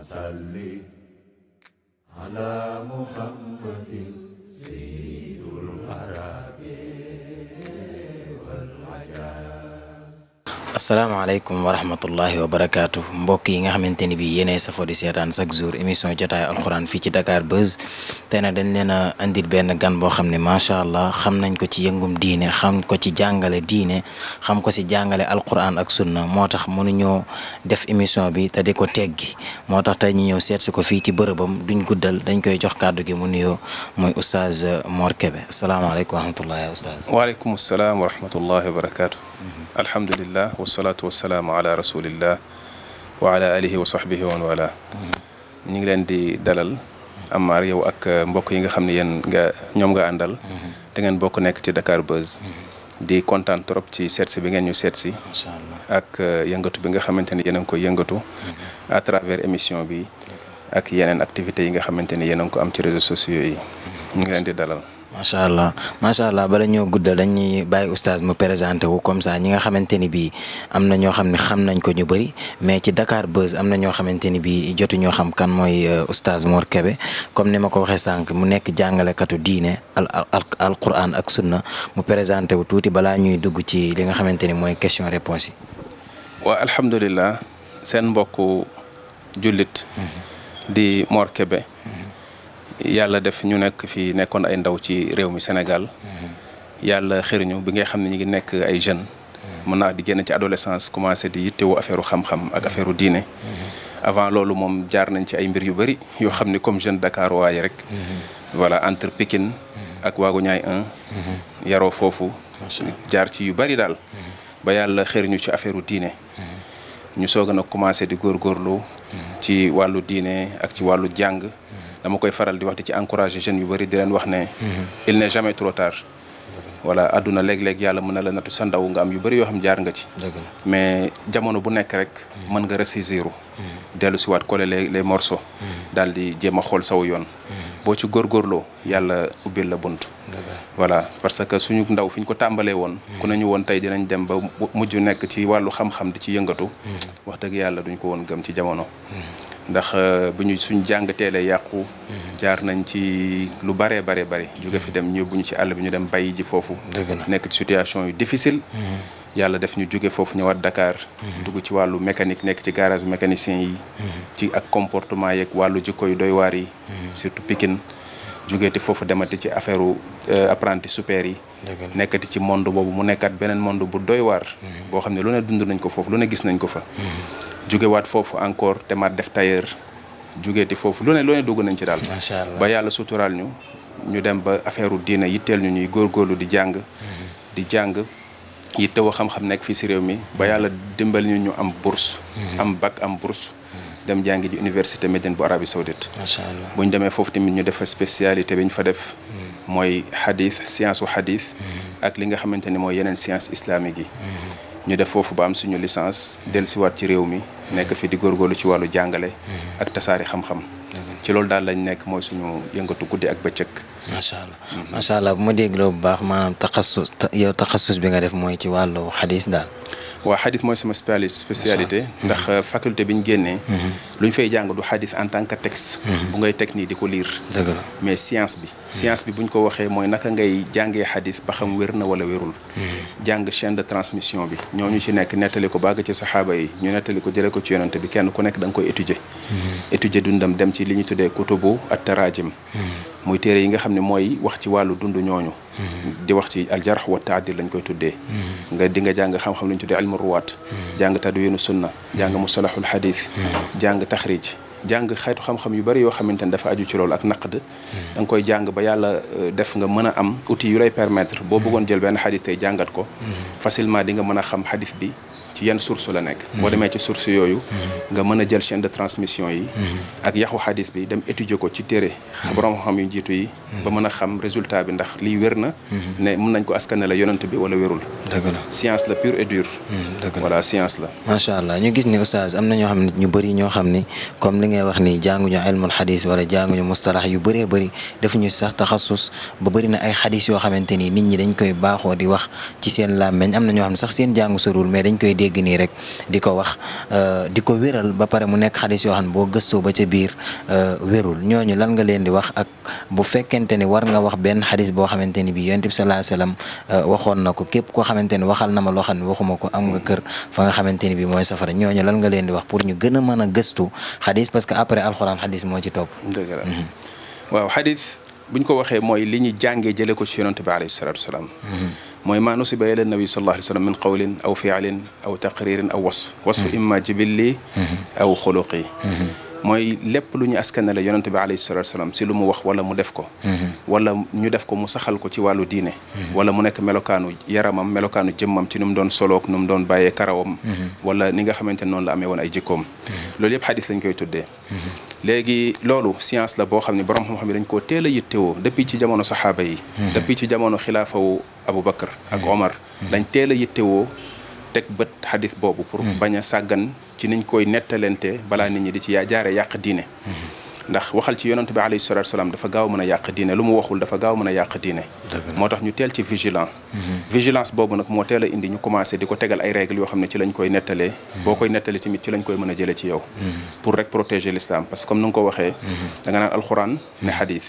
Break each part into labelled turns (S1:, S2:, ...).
S1: صل على محمد سيد الخلق asalaamaaleykum wa rahmatullahi wa barakaatu mbokk yi nga xamante ni bi yéenay safo di seetaan chaque jour émission jotaay alxuraan fii ci Dakar Buzz te na dañ leen a indil benn gan boo xam ne macha allah xam nañ ko ci yëngum diine xam ko ci jàngale diine xam ko si jàngale alxuraan ak sunna moo tax mënuñoo def émission bi te di ko teggi moo tax tey ñu ñëw seet si ko fii ci bërëbam duñ guddal dañ koy jox kàddu gi mu nuyoo mooy oustaz Mor Kébé asalaamaaleykum wa rahmatullahi
S2: wa oustaz waaleykum salaam wa rahmatullahi Mm-hmm. alhamdulilah wasalaatu wasalaamu ala rasulillah wa ala alihi wa sahbihi wa wala mm-hmm. ñu ngi leen di dalal Amar yow ak uh, mbokk yi nga xam ne yéen nga ñoom nga àndal te mm-hmm. ngeen bokk nekk ci Dakar Buzz di kontaan trop ci seetsi bi ngeen ñu seetsi ak uh, yëngatu bi nga xamante ni yéen a ngi ko yëngatu à travers émission bi ak yeneen activité yi nga xamante ni yéen a ngi ko am ci réseaux sociaux yi ñu ngi leen di dalal
S1: macha allah macha allah bala ñoo guddal dañuy bàyyi oustaz mu présenté wu comme ça ñi nga xamante ni bii am na ñoo xam ne xam nañ ko ñu bëri mais ci Dakar Buzz am na ñoo xamante ni bii jotu ñoo xam kan mooy euh, oustaz Mor kebe comme ni ma ko waxee sànq mu nekk jàngalekatu diine al al alquran ak sunna mu présenté wu tuuti balaa ñuy dugg ci li nga xamante ni mooy question réponse yi.
S2: waa alhamdulilah seen mbokku jullit. Mm-hmm. di Mor Kébé. yàlla def ñu nekk fi nekkoon ay ndaw ci réew mi Sénégal mhm. yàlla xëriñu bi nga xam ne ñu ngi nekk ay jeunes mhm. mën naa di génn ci adolescence commencé di yittewoo affaire xam-xam ak mhm. affaire diine avant loolu moom jaar nañ ci ay mbir yu bëri yoo xam ne comme jeune Dakar waaye rek voilà entre pikin ak waagu ñaay 1 yaroo foofu jaar ci yu bari daal ba yàlla xëriñu ci affaire diine ñu soog a nag commencé di góorgóorlu ci wàllu diine ak ci wàllu jàng dama koy faral di wax di ci encourager jeunes yu bëri di leen wax ne. Mhm. il n'est jamais trop tard. voilà àdduna léeg-léeg yàlla mën na la nattu sa ndaw nga am yu bëri yoo xam jaar nga ci. mais jamono bu nekk rek. Mhm. mën nga ressaisiru. Mhm. dellu si waat coller lay morso morceaux. daal di jéem a xool saw yoon. boo ci góorgóorloo yàlla ubbil la bunt. voilà parce que suñu ndaw fi ñu ko tàmbalee woon. ku nañu woon tey dinañ dem ba mujj nekk ci wàllu xam-xam di ci yëngatu. wax dëgg yàlla duñ ko woon gëm ci jamono. ndax euh, bu ñu suñ jàng teelee yàqu jaar nañ ci lu bare bare bari jóge fi dem ñëw bu ñu ci àll bi ñu dem bàyyi ji foofu nekk ci situation yu difficile mhm. yàlla def ñu jóge foofu ñëwaat Dakar mhm. dugg ci wàllu mécanique nekk ci garage mécanicien yi mhm. ci ak comportement yeeg wàllu jikko yu doy waar yi surtout jógee jógeeti foofu demati ci affaire euh, apprenti super yi nekkati ci monde boobu mu nekkaat beneen monde bu doy waar boo xam ne lu ne dund nañ ko foofu lu ne gis nañ ko fa jugewaat foofu encore demaat def tailleur jugeeti foofu lu ne lu dugg nañ ci daal. macha ba yàlla suturaal ñu ñu dem ba affaire u diina yitteel ñu ñuy góor góorlu di jàng. Mhm. di jàng yittewoo xam-xam nekk fii si réew mi ba mhm. yàlla dimbali ñu ñu am bourse. Mhm. am bac am bourse. dem jàngi ji université Médine bu Arabie Saoudite. macha allah bu demee foofu tamit ñu def spécialité bi ñu fa def. mooy hadith science u hadith. ak li nga xamante ne mooy yeneen science islamique yi. ñu def foofu ba am suñu licence dellusiwaat ci réew mi nekk fi di góorgóorlu ci wàllu jàngale mhm. ak tasaari xam-xam ci loolu daal lañ nekk mooy suñu yëngatu guddi ak bëccëg macha
S1: allah mhm. macha allah bu ma dégloo bu baax maanaam taxasus yow taxasus bi nga def
S2: mooy ci wàllu xadiis daal waaw xadis mooy sama spécialité ndax mm-hmm. euh, faculté bi ñu génnee mm-hmm. lu ñu fay jàng du xadis en tant que texte mm-hmm. bu ngay teg nii di ko liir dëgg mais science bi science bi buñ ko waxee mooy naka ngay jàngee xadis ba xam wér na wala wérul jàng chaîne de transmission bi ñoo ñu ci nekk nettali ko bàgg ci saxaaba yi ñu nettali ko jële ko ci yonante bi kenn ku nekk danga nga koy étudier étudier dundam dem ci li ñu tuddee kutubu at tarajim muy téere yi nga xam ne mooy wax ci wàllu dund ñooñu di wax ci aljarx wa taadil lañ koy tuddee nga di nga jàng xam-xam lañ tuddee ilmu ruwaat jàng tadwiinu sunna jàng mustalahul hadith jàng taxrij jàng xeetu xam-xam yu bari yoo xamante ne dafa aju ci loolu ak naqd da nga koy jàng ba yàlla euh, def nga mën a am outil yu lay permettre boo bëggoon jël benn xadis tey jàngat ko mm-hmm. facilement di nga mën a xam xadis bi ci yan source la nekk boo demee ci source yooyu nga mën a jël chaîne de transmission yi ak yaxu xadis bi dem étudier ko ci téere borom xam yu jiitu yi ba mën a xam résultat bi ndax lii wér na ne mën nañ ko askane la yonent bi wala wérul dëgg la science la pure et dure hmm, dëgg la voilà la
S1: macha allah ñu gis ni oustaz am na ñoo xam ne ñu bëri ñoo xam ni comme li ngay wax ni jànguñu ilmul xadis wala jànguñu mustalax yu bëree bëri ñu sax taxasus ba bëri na ay xadis yoo xamante ni nit ñi dañ koy baaxoo di wax ci seen làmmeñ am na ñoo sax seen jàngu sorul mais dañ koy dégg nii rek di ko wax euh, di ko wéral ba pare mu nekk xadis yoo xam ne boo gëstoo ba ca biir euh, wérul ñooñu lan nga leen di wax ak bu fekkente ni war nga wax benn xadis boo xamante ni bii yonent bi sallallahu alayhi euh, waxoon na ko képp koo xamante ni waxal na ma loo xam ne waxuma ko am nga kër fa nga xamante ni bii mooy safara ñooñu lan nga leen di wax pour ñu gën a mën a gëstu xadis parce que après alxuraan xadis moo ci topp. dëgg la mhm.
S2: waaw xadis bu ñu ko waxe mooy li ñu jàngee jëlee ko ci yonente bi alayhi salaatu wasalaam mooy maa nusiba ila nabi sallallahu alayhi wa sallam min qawlin aw fi'lin aw taqririn aw wasf wasf imma jibilli aw xuluqi mooy lépp lu ñu askanale yonent bi alayhi salaatu salaam si lu mu wax wala mu def ko mhm. wala ñu def ko mu saxal ko ci wàllu diine mhm. wala mu nekk melokaanu yaramam melokaanu jëmmam ci nu mu doon soloog nu mu doon bàyyee karawam mhm. wala ni nga xamante ne noonu la amee woon ay jikkoom loolu yëpp xadis lañ koy tuddee léegi loolu science la boo xam ne borom xam-xam yi dañ koo teel a yittewoo depuis ci jamono saxaaba yi depuis ci jamono xilaafawu Aboubacar ak Omar dañ teel a yittewoo teg bët xadis boobu pour hmm. bañ a sàggan ci niñ koy nettalante balaa ni ñi di ci yaa jaare yàq diine hmm. ndax waxal ci yonent bi alayhi salaatu salaam dafa gaaw mën a yàq diine lu mu waxul dafa gaaw mën a yàq diine moo tax ñu teel ci vigilant mhm. vigilance boobu nag moo teel a indi ñu commencé di ko tegal ay règles yoo xam ne ci lañ koy nettalee mhm. boo koy nettalee tamit ci lañ koy mën a jëlee ci yow mhm. pour rek protéger l'islam parce que comme ni ko waxee da nga alxuraan ne xadis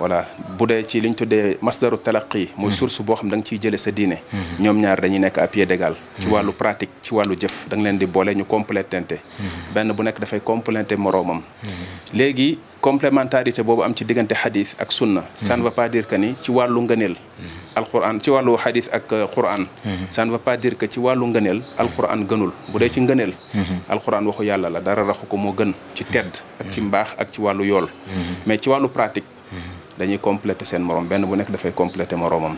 S2: voilà bu dee ci liñ tuddee masdaru talaqi mooy source boo xam da nga ciy jëlee sa diine ñoom ñaar dañuy nekk à pied d'égal ci wàllu pratique ci wàllu jëf da leen di boole ñu complétente benn bu nekk dafay complété moroomam léegi ci boobu am ci diggante xadis ak sunna ça ne veut pas dire que ni ci wàllu ngëneel alquran ci wàllu xadis ak euh, quran ça ne veut pas dire que ci wàllu ngëneel alquran gënul bu dee ci ngëneel alquran waxu yàlla la dara raxu ko moo gën ci tedd ak ci mbaax ak ci wàllu yool mais ci wàllu pratique dañuy compléter seen morom benn bu nekk dafay compléter moromam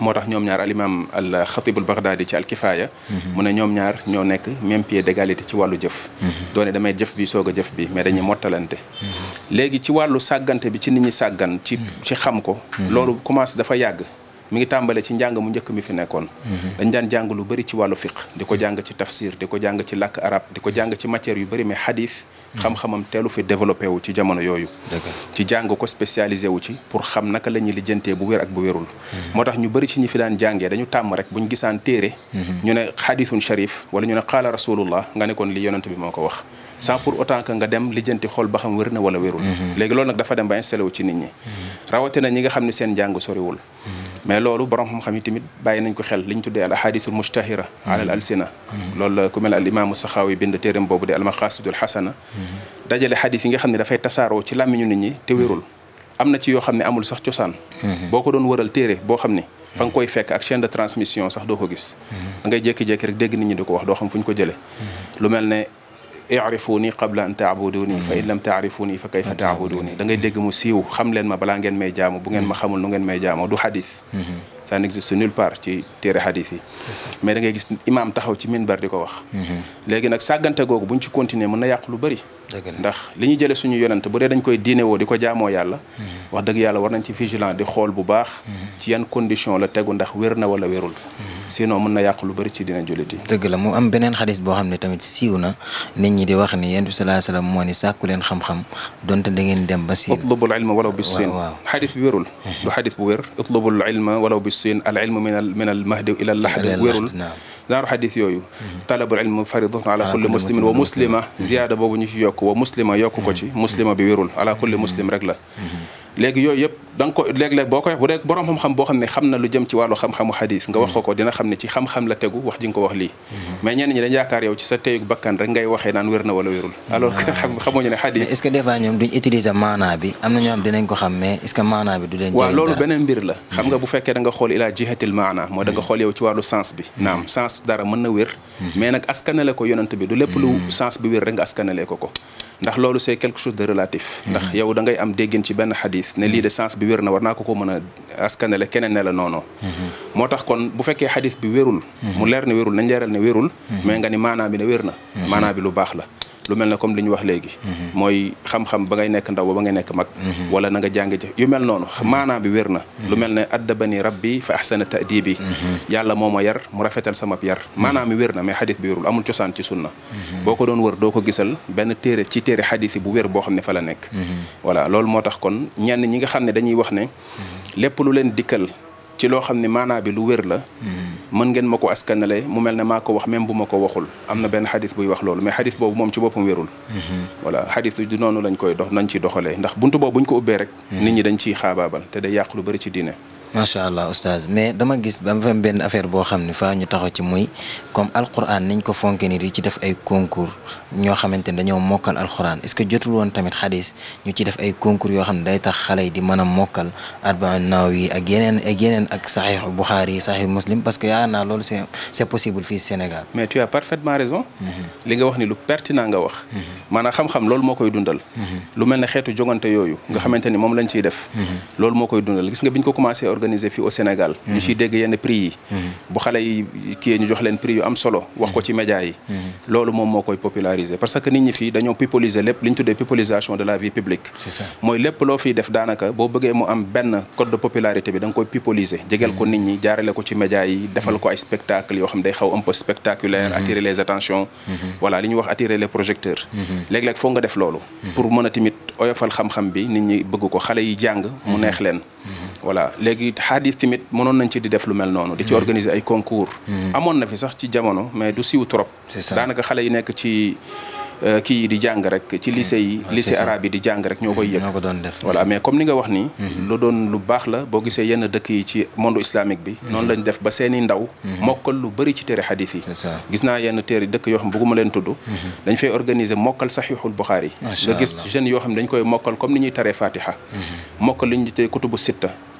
S2: moo tax ñoom ñaar aliment al xatibul baghdadi ci alkifaaya mhm. mu ne ñoom ñaar ñoo nekk même pied d'égalité ci wàllu jëf mhm. doone damay jëf bi soog a jëf bi mais dañuy mottalante mhm. léegi ci wàllu sàggante bi ci nit ñi sàggan ci ci xam ko loolu commencé dafa yàgg mi ngi tàmbale ci njàng mu njëkk mi fi nekkoon mhm. dañ daan jàng lu bëri ci wàllu fiq di ko jàng ci tafsir di ko jàng ci làkk arab di ko jàng ci matière yu bëri mais xadis mhm. xam-xamam teelu fi développé wu ci jamono yooyu ci jàng ko spécialisé wu ci pour xam naka la ñuy lijjantee bu wér ak bu wérul mhm. moo tax ñu bëri ci ñi fi daan jàngee dañu tàmm rek buñ gisaan téere ñu ne xadisun sharif wala ñu ne qaala rasulullah nga ne li yonent bi moo ko wax sans pour autant que nga dem lijjanti xool ba xam na wala wérul léegi loolu nag dafa dem ba wu ci nit ñi rawatina ñi nga xam ne seen jàng soriwul loolu borom xam-xam yi tamit bàyyi nañ ko xel li ñu tuddee al ahadithul mustahira al alsina loolu la ku mel al imaamu saxaawi bind téeram boobu di al maqasidul xasana dajale xadis yi nga xam ne dafay tasaaroo ci làmmiñu nit ñi te wérul am na ci yoo xam ne amul sax cosaan boo ko doon wëral téere boo xam ne fa nga koy fekk ak chaîne de transmission sax doo ko gis da ngay jékki-jékki rek dégg nit ñi di ko wax doo xam fu ko jëlee lu irifuni qabla an taabuduni fa in hmm. lam taarifuni fa kayfa taabuduni da ngay dégg mu siiw xam leen ma balaa ngeen may jaamu bu ngeen ma hmm. xamul nu ngeen may jaamoo du xadis hmm. ça n'existe nulle part ci téere xadis da ngay gis imaam taxaw ci minbar di ko wax léegi nag sàggante googu buñ ci continuer mën na yàq lu bëri ndax li ñu jële suñu yonent bu dee dañ koy diine woo di ko jaamoo yàlla wax dëgg yàlla war nañ ci vigilant di xool bu baax ci yan condition la tegu ndax wér na wala wérul sinon mën na yàq lu bëri ci dina jullit yi
S1: am beneen xadis boo xam ne tamit siiw na nit ñi di wax ni yonent bi xam-xam donte da ngeen dem ba siin
S2: a ilma walaw bi siin waaw xadis bi wérul mhm. du xadis bu wér utlubul ilma walaw bi siin al ilmu min al a al mahdi ila al lahdi wérul daaru xadis yooyu mhm. ñu ci yokk wa muslima yokk ko mhm. ci bi wérul ala kulli la léegi yooyu yëpp da nga ko léeg-léeg boo ko wax xam-xam boo xam ne xam na lu jëm ci wàllu xam-xamu xadis nga wax ko ko mm-hmm. dina xam ne ci xam-xam la tegu wax ji nga ko wax lii mm-hmm. mais ñenn ñi waxee naan wér na wala wérul mm-hmm. alors que xamuñu ne xadis
S1: est-ce que des fois ñoom duñ utiliser maanaa bi am na ñoo xam ko xam mais est-ce que
S2: nga bu fekkee da nga xool ilaa jihatil maana moo da nga xool yow ci wàllu sens bi naam sens dara mën na wér mais nag askanale ko yonent bi du lépp lu sens bi wér rek nga askanale ko ko ndax loolu c'est quelque chose de relatif ndax hmm. yow da ngay am déggin ci benn xadis ne lii de hmm. sens bi wér na war naa ko ko mën a askanele keneen ne la noonu hmm. moo tax kon bu fekkee xadis bi wérul mu leer ne wérul nañ leeral ne wérul mais nga ni maanaa bi ne wér na maanaa bi lu baax la lu mel ne comme li wax léegi mhm. mooy xam-xam ba ngay nekk ndaw ba ba ngay nekk mag mhm. wala na nga jàng jëf yu mel noonu mhm. maanaam bi wér na lu mel ne addabani rabbi fa ahsana ta'dibi yàlla moo ma yar mu rafetal sama yar maanaam bi wér na mais xadis bi wérul amul cosaan ci sunna boo ko doon wër doo ko gisal benn téere ci téere xadis bu wér boo xam ne fa la nekk voilà loolu moo tax kon ñenn ñi nga xam ne dañuy wax ne lépp lu leen dikkal ci loo xam ne maanaa bi lu wér la mm-hmm. mën ngeen ma ko askanale mu mel ne maa ko wax même bu ma ko waxul am na benn xadis buy wax loolu mais xadis boobu moom ci boppam wérul mm-hmm. voilà xadis du noonu lañ koy dox nañ ci doxalee ndax buntu boobu buñ ko ubbee rek mm-hmm. nit ñi dañ ci xaabaabal te da yàq lu bëri ci diine
S1: macha allah oustaz mais dama gis ba mu affaire boo xam ne faa ñu taxaw ci muy comme alquran niñ ko fonke ni di ci def ay concours ñoo xamante ne dañoo mokkal alquran est ce que jotul woon tamit xadis ñu ci def ay concours yoo xam ne day tax xale yi di mën a mokkal arbaan nawawi ak yeneen ak yeneen ak saxiix buxaari saxiix muslim parce que yaa naa loolu c'est c'est possible fii Sénégal.
S2: mais tu as parfaitement raison. Mhm. li nga wax ni lu pertinent nga wax. Mhm. maanaam xam-xam loolu moo koy dundal. Mhm. lu mel ne xeetu jongante yooyu. nga xamante ni moom lañ ciy def. loolu moo organiser fii au Sénégal. ñu ciy dégg yenn prix yi. Mhm. bu xale yi kii ñu jox leen prix yu am solo wax ko mhm. ci média yi. Mhm. loolu moom moo koy populariser parce que nit ñi fii dañoo populiser lépp li ñu tuddee loo fiy def daanaka boo bëggee mu am benn code de popularité bi da nga koy populiser. jegeel ko nit ko ci média yi defal ko ay spectacle yoo xam day xaw un peu spectaculaire. attirer les attentions. voilà li ñuy wax attirer les projecteurs. léeg-léeg foog nga def loolu. pour mën a oyofal xam-xam bi nit ñi bëgg ko xale yi jàng mu neex leen. voilà léegi it xaadis tamit mënoon nañ ci di def lu mel noonu di ci mm. organiser ay concours mm. amoon na fi sax ci jamono mais du siiw trop daanaka xale yi nekk ci euh, kii yi di jàng rek ci mm. lycée yi lycée yi di jàng rek ñoo koy yëg ñoo ko doon def voilà mais comme ni nga wax nii mm-hmm. lu doon lu baax la boo gisee yenn dëkk yi ci monde islamique bi noonu mm-hmm. lañ def ba seeni ndaw mm-hmm. mokkal lu bari ci téere xadis yi gis naa yenn téere dëkk yoo xam bëgguma leen tudd dañ fay organiser mokkal saxiixul Buxaari nga gis jeunes yoo xam ne dañ koy mokkal comme ni ñuy taree fatiha mokkal li ñu tee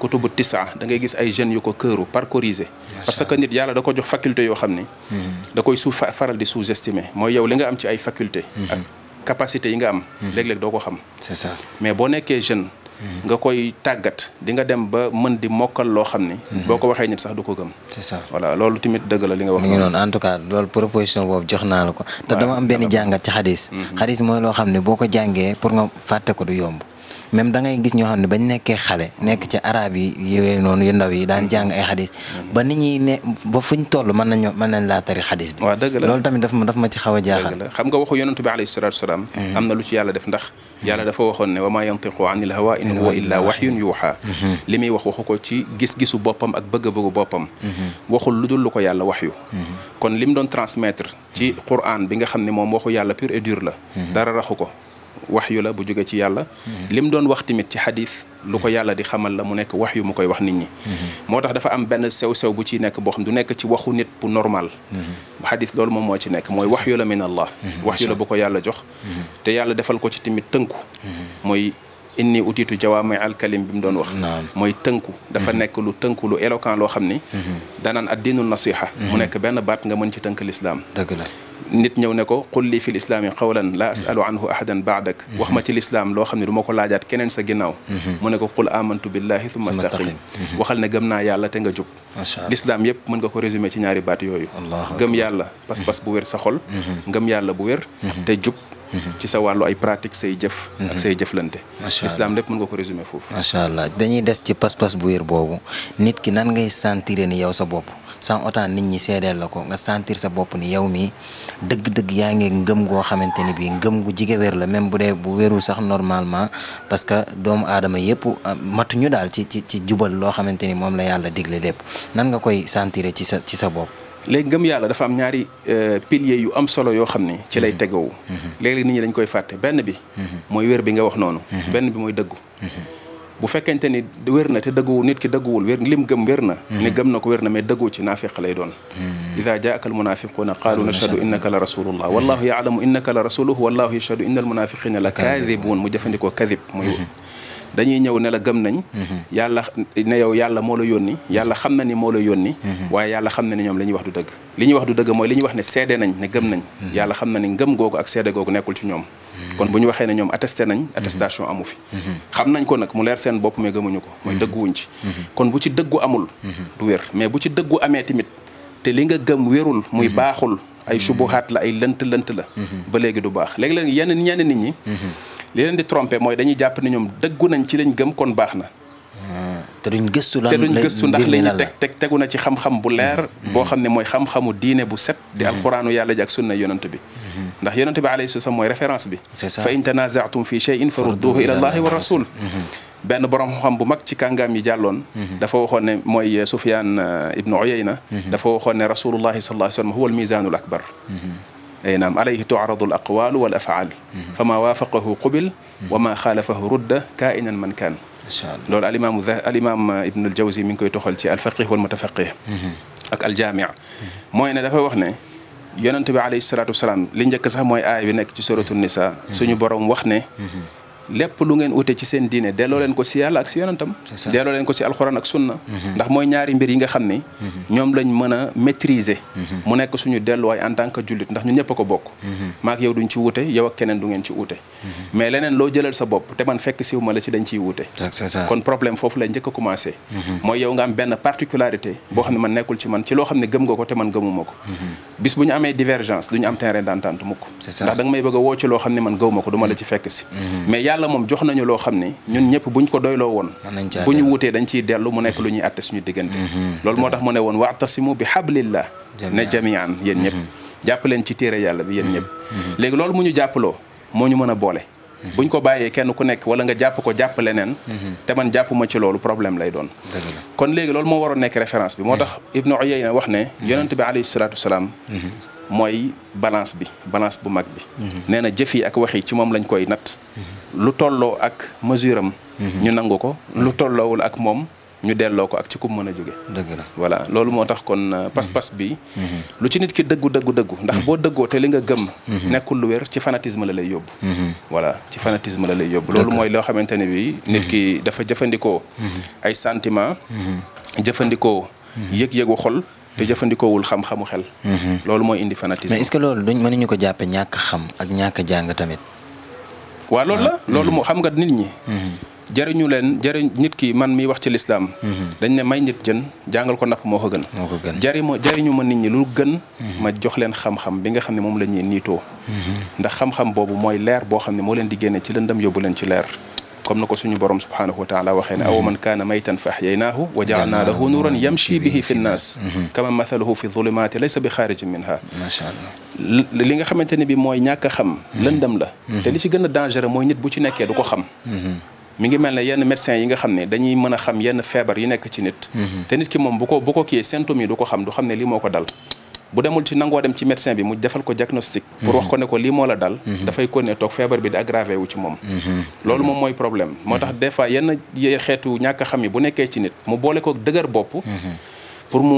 S2: kutubu tisa da ngay gis ay jeunes yu ko këru parcouriser parce que nit yàlla da ko jox faculté yoo xam ni
S1: hmm.
S2: da koy faral di sous-estimer mooy yow li nga am ci ay faculté ak hmm. capacité yi nga am hmm. léeg-léeg doo ko xam mais boo nekkee jeune nga koy tàggat di dem ba mën di mokkal loo xam ni. boo ko waxee nit sax du ko gëm. c'est ça voilà loolu tamit dëgg nga wax. mu en
S1: tout cas loolu proposition boobu jox naa la ko. te dama am benn jàngat ci xadis. mooy loo même da ngay gis ñoo xam ne bañ nekkee xale nekk ci arab yi yooyu noonu yu ndaw yi daan jàng a xadis mhm. ba nit ñi ne ba fuñ toll mën nañu mën nañ laa tari xadis
S2: bi waaw dëgg la loolu tamit daf ma daf ma ci xaw a jaaxal xam nga waxu yonentu bi alayhi salatu wasalaam mhm. am na lu yàlla def ndax yàlla dafa waxoon ne wa maa yantiqu anil hawa in huwa illa wahyun yuuxa mhm. li muy wax waxu ko ci gis-gisu boppam ak bëgg-bëggu boppam waxul lu dul lu ko yàlla wax yu kon li mu doon transmettre ci quran bi nga xam ne moom waxu yàlla pur et dur la dara raxu ko wax yu la bu jógee ci yàlla mhm. lim doon wax tamit ci xadis lu ko yàlla di xamal la mu nekk wax yu mu koy wax nit ñi mhm. moo tax dafa am benn sew-sew bu ci nekk boo xam du nekk ci waxu nit bu normal mhm. xadis loolu moom moo ci nekk mooy wax yu la min allah wax yu la bu ko yàlla jox te yàlla defal ko ci tamit tënku mooy inni utitu jawaami alkalim bi mu doon wax mooy tënku dafa nekk lu tënku lu éloquent loo xam ni danaan addinul nasiha mu nekk benn baat nga mën ci tënk lislaam dëgg nit ñëw ne ko qul fi lislaami qawlan laa asalu anhu ahadan baadak wax ma ci lislaam loo xam ne du ma ko laajaat keneen sa ginnaaw mhm. mu ne ko qul amantu billahi thumma astaqim mhm. waxal ne gëm naa yàlla te nga jub lislaam yëpp mën nga ko résumé ci ñaari baat yooyu gëm yàlla pas-pas bu wér sa xol mhm. ngëm yàlla bu wér te jub Mhm. ci sa wàllu ay pratique say jëf ak mhm. say jëflante islam lépp mën nga ko résumer foofu macha allah
S1: dañuy des ci pas-pas bu wér boobu nit ki nan ngay sentir ni yow sa bopp sans autant nit ñi seedeel la ko nga sentir sa bopp ni yow mi dëgg-dëgg yaa ngi ngëm goo xamante ni bii ngëm gu jige la même bu dee bu wérul sax normalement parce que doomu aadama yëpp matuñu daal ci ci ci jubal loo xamante ni moom la yàlla digle lépp nan nga koy sentir ci sa ci sa bopp
S2: léegi ngëm yàlla dafa am ñaari euh, piliers yu am solo yoo xam ni ci lay mm-hmm. tegowu mm-hmm. léeg-léeg nit ñi dañ koy fàtte benn bi mm-hmm. mooy weer bi nga wax noonu benn bi mooy dëggu bu fekkente ni wér na te dëgguwul nit ki dëgguwul wér lim gëm wér na ni gëm na ko wér na mais dëggu ci naafiq lay doon ida jaaka almunafiquuna qaalu nashhadu innaka la rasulullah wallahu yaalamu innaka la rasuluhu wallahu yashhadu inna almunafiqina la kaadibuun mu jëfandikoo kadib muy dañuy ñëw ne la gëm nañ mm-hmm. yàlla ne yow yàlla moo la yónni mm-hmm. yàlla xam na ni moo la yónni mm-hmm. waaye yàlla xam na ni ñoom li ñuy wax du dëgg li ñuy wax du dëgg mooy li ñuy wax ne seede nañ ne gëm nañ yàlla xam na ni ngëm googu ak seede googu nekkul ci ñoom kon bu ñu waxee ne ñoom attesté nañ attestation amu fi xam nañ ko nag mu leer seen bopp mee gëmuñu ko mooy dëgguwuñ ci kon bu ci dëggu amul du wér mais bu ci dëggu amee tamit te li nga gëm wérul muy baaxul ay subuhaat la ay lënt lënt la ba léegi du baax léegi-léegi yenn ñenn nit ñi li leen di tromper mooy dañuy jàpp ne ñoom dëggu nañ ci lañ gëm kon baax na. te duñ gëstu lan te duñ gëstu ndax li ñu teg teg tegu na ci xam-xam bu leer. Mm-hmm. boo xam ne mooy xam-xamu diine bu set. di mm-hmm. alxuraanu yàlla ji ak sunna yonent bi. Mm-hmm. ndax yonent bi alayhi salaam mooy référence bi. c'est ça fa in tanaza'tum fi shay'in farudduhu ila allahi wa rasul. benn borom xam bu mag ci kàngaam yi jàlloon. dafa waxoon ne mooy Sufyaan uh, ibnu Uyayna. dafa waxoon ne rasulullahi sallallahu alayhi wa akbar ay naam alayhi tuaradu al aqwaal wal afaal fa maa waafaqahu qubil wa maa xaalafahu rudda kaainan man kaan loolu alimaamu alimaam ibnu al jawzi mi ngi koy toxal ci alfaqih wal mutafaqih ak aljaamia mooy ne dafa wax ne yonent bi alayhi salaatu wasalaam li njëkk sax mooy aaya bi nekk ci suratu nisa suñu borom wax ne lépp lu ngeen ute ci seen diine delloo leen ko si yàlla ak si yonantam delloo leen ko si alxuraan ak sunna mhm. ndax mooy ñaari mbir yi nga xam ni mhm. ñoom lañ mën a maîtriser mhm. mu nekk suñu delluwaay en tant jullit ndax ñun ñëpp a ko bokk maak yow duñ ci wute yow keneen du ngeen ci wute mais leneen loo jëlal sa bopp te man fekk siw ma la ci dañ ciy wute kon problème foofu la njëkk a commencé mooy yow nga am benn particularité boo xam ne man nekkul ci man ci loo xam ne gëm nga ko te man gëmuma ko bis bu ñu amee woo loo xam ne man gëwuma ko duma la ci fekk yàlla moom jox nañu loo xam ne ñun ñëpp buñ ko doyloo woon bu ñu wutee dañ ciy dellu mu nekk lu ñuy àtte suñu diggante mm-hmm. loolu moo tax mu ne woon wa'tasimu bi hablillah ne jami'an yéen ñëpp mm-hmm. jàpp leen ci téere yàlla bi yéen ñëpp mm-hmm. léegi loolu mu ñu jàppaloo moo ñu mën a boole buñ ko bàyyee kenn ku nekk wala nga jàpp ko jàpp leneen te man jàpp ci loolu problème lay doon kon léegi loolu moo waroon nekk référence bi moo tax Ibnu Uyayna wax ne yonent bi alayhi salaatu wasalaam mooy balance bi balance bu mag bi nee na ak wax yi ci moom lañ koy natt lu tolloo ak mesure am. Mhm. ñu nangu ko lu mhm. tolloowul ak moom ñu delloo ko ak ci ku mën a jóge dëgg la voilà loolu moo tax kon euh, mhm. pas-pas bi lu ci nit ki dëggu dëggu dëggu ndax boo dëggoo te li nga gëm nekkul lu wér ci fanatisme la lay yóbbu voilà ci fanatisme la lay yóbbu loolu mooy loo xamante ne bi nit ki dafa jëfandikoo ay sentiment jëfandikoo yëg-yëgu xol te jëfandikoowul xam-xamu xel loolu mooy indi fanatisme mais est-ce
S1: que loolu duñ mënuñu ko jàppe ñàkk xam ak ñàkk jàng tamit
S2: waaw loolu la ah. loolu moo xam nga nit ñi mm-hmm. jariñu leen jëriñ nit ki man miy wax ci lislaam mm-hmm. dañ ne may nit jën jàngal ko napp moo ko gën jëri ma jëriñu ma nit ñi lu gën mm-hmm. ma jox leen xam-xam bi nga xam ne moom la ñuy niitoo ndax xam-xam boobu mooy leer boo xam ne moo leen di génne ci leen dam yóbbu leen ci leer comme na ko suñu borom subhaanahu wa taala waxee ne aw man kaana maytan fa axyaynaahu wa jaalnaa lahu nuuran yamshi bihi fi nnaas mhm. kama mathaluhu fi zulumaati laysa bi xaarijin minha macha li nga xamante ne bi mooy ñàkk a xam mhm. lëndëm la mhm. te li ci gën a dangereux mooy nit bu ci nekkee du ko xam mi ngi mel ne yenn médecin yi nga xam ne dañuy mën a xam yenn feebar yi nekk ci nit te nit ki moom bu ko bu ko kiyee symptômes yi du ko xam du xam ne lii moo ko dal bu demul ci nangoo dem ci médecin bi mu defal ko diagnostic pour wax ko ne ko lii moo la dal mhm. dafay continuer toog feebar bi di aggravé wu ci moom
S3: mhm.
S2: loolu moom mooy problème moo tax mhm. des fois yenn xeetu ñàkk xam yi bu nekkee ci nit mu boole ko dëgër bopp pour mu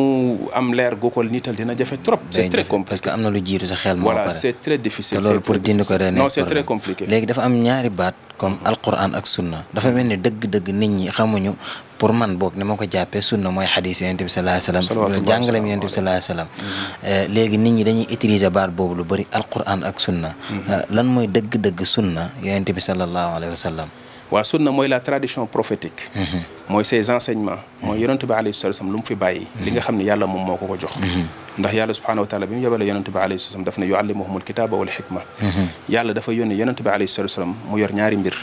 S2: am leer gu ko niital dina jafe trop. c'est parce que am na lu jiitu sa xel. moo pare voilà c'est pour dindi ko ren non léegi dafa
S1: am ñaari baat comme alquran ak sunna dafa mel ni dëgg-dëgg nit ñi xamuñu pour man book ni ma ko jàppee sunna mooy xadis yonent bi sallallahu alayhi wasallam. sallallahu alayhi wasallam jàngaleem yonent bi sallallahu alayhi wasallam. Euh, léegi nit ñi dañuy utiliser baat boobu lu bari alquran ak sunna. Mm-hmm. Euh, lan mooy dëgg-dëgg sunna yonent bi sallallahu alayhi wasallam.
S2: waa sunna mooy la tradition prophétique mhm. mooy ses enseignements mhm. mooy yonente bi salaam lu fi bàyyi mhm. li nga xam ne yàlla moom jox ndax yàlla subhanahu wa taala bi mu yebale yonente bi alayhi salaam daf ne yuallimuhumul kitaaba wal xikma yàlla dafa yónni bi alayhi salaam mu yor ñaari mbir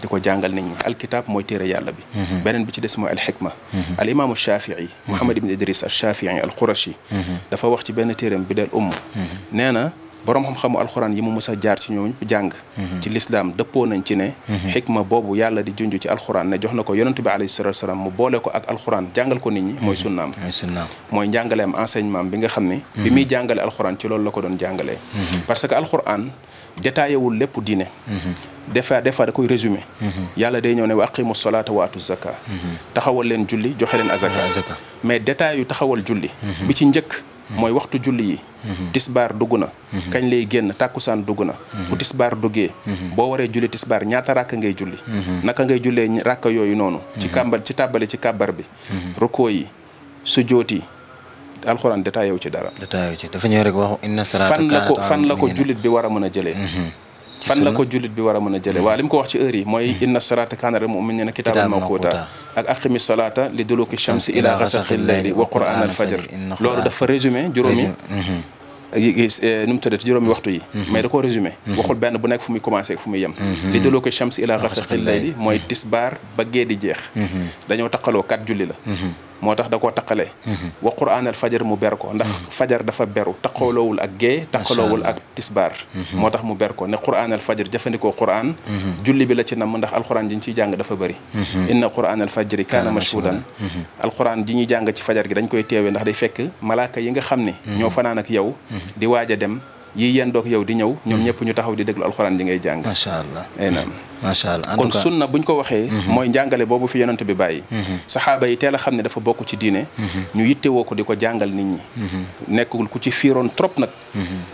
S2: di ko jàngal nit ñi alkitab mooy téere bi beneen bi ci des mooy alxikma al imaamu muhammad ibn idris al shafii dafa wax ci benn bi del umm boroom xam-xamu alxuraan yi mu mës a jaar ci ñooñu jàng ci lislaam dëppoo nañ ci ne xikma boobu yàlla di junj ci alxuraan ne jox na ko yonentu bi alayhi salatu salaam mu boole ko ak alxuraan ko ñi mooy sunnaam mooy njàngaleem enseignement bi nga xam ne bi muy jàngale alxuraan ci loolu la ko doon jàngalee parce que alxuraan détaillewul lépp diine des fois des fois da koy résumé yàlla day ñëw ne wa aqimu solaata waatu atu zaka taxawal leen julli joxe leen azaka mais détail yu taxawal julli bi ci njëkk mooy waxtu julli yi tisbaar dugg na kañ lay génn tàkkusaan dugg na bu tisbaar duggee boo waree julli tisbaar ñaata ràkk ngay julli naka ngay jullee ràkk yooyu noonu ci kàmbal ci tàbbali ci kàbbar bi rukkoo yi sujoot yi alxuraan détaillé wu ci dara
S1: détaillé ci dafa ñëw rek wax inna salaata fan la ko fan jullit
S2: bi war a mën a jëlee mhm. fan la ko jullit bi war a a jële hmm. waa li mu ko wax ci heure yi mooy inna salata kaana al mu'minina kitaaban mawquuta ak aqimi salata li duluki shamsi ila ghasaqi layli wa qur'an al loolu dafa résumé juróomi hmm. eh, nu mu tuddati juróomi waxtu yi hmm. mais da koo résumé waxul benn bu nekk fu muy commencé fu muy yem li daloo ko shams ila xasaqil layli mooy tisbaar ba gee di jeex dañoo taqaloo kat julli la moo tax da koo taqale mm-hmm. wa quraan al fajar mu ber ndax mm-hmm. fajar dafa beru taqaloowul ak gée taqaloowul ak tisbaar mm-hmm. moo tax mu ber ko ne quraan al fajar jëfandikoo quraan julli bi la ci namm ndax alquraan ji ñu ciy jàng dafa bëri inna quraan al fajri kaana mashhuudan alquraan ji ñuy jàng ci fajar gi dañ koy teewe ndax day fekk malaaka yi nga xam ne ñoo fanaan ak yow di waaj a dem yi yéen doog yow di ñëw ñoom hmm. ñëpp ñu taxaw di déglu alxuraan ji ngay jàng macha allah eh,
S1: macha allah kon sunna
S2: buñ ko waxee hmm. mooy njàngale boobu fi yonent bi bàyyi hmm. saxaaba yi teel a xam ne dafa bokk ci diine ñu yittewoo ko di ko jàngal nit ñi nekkul ku ci fiiroon trop nag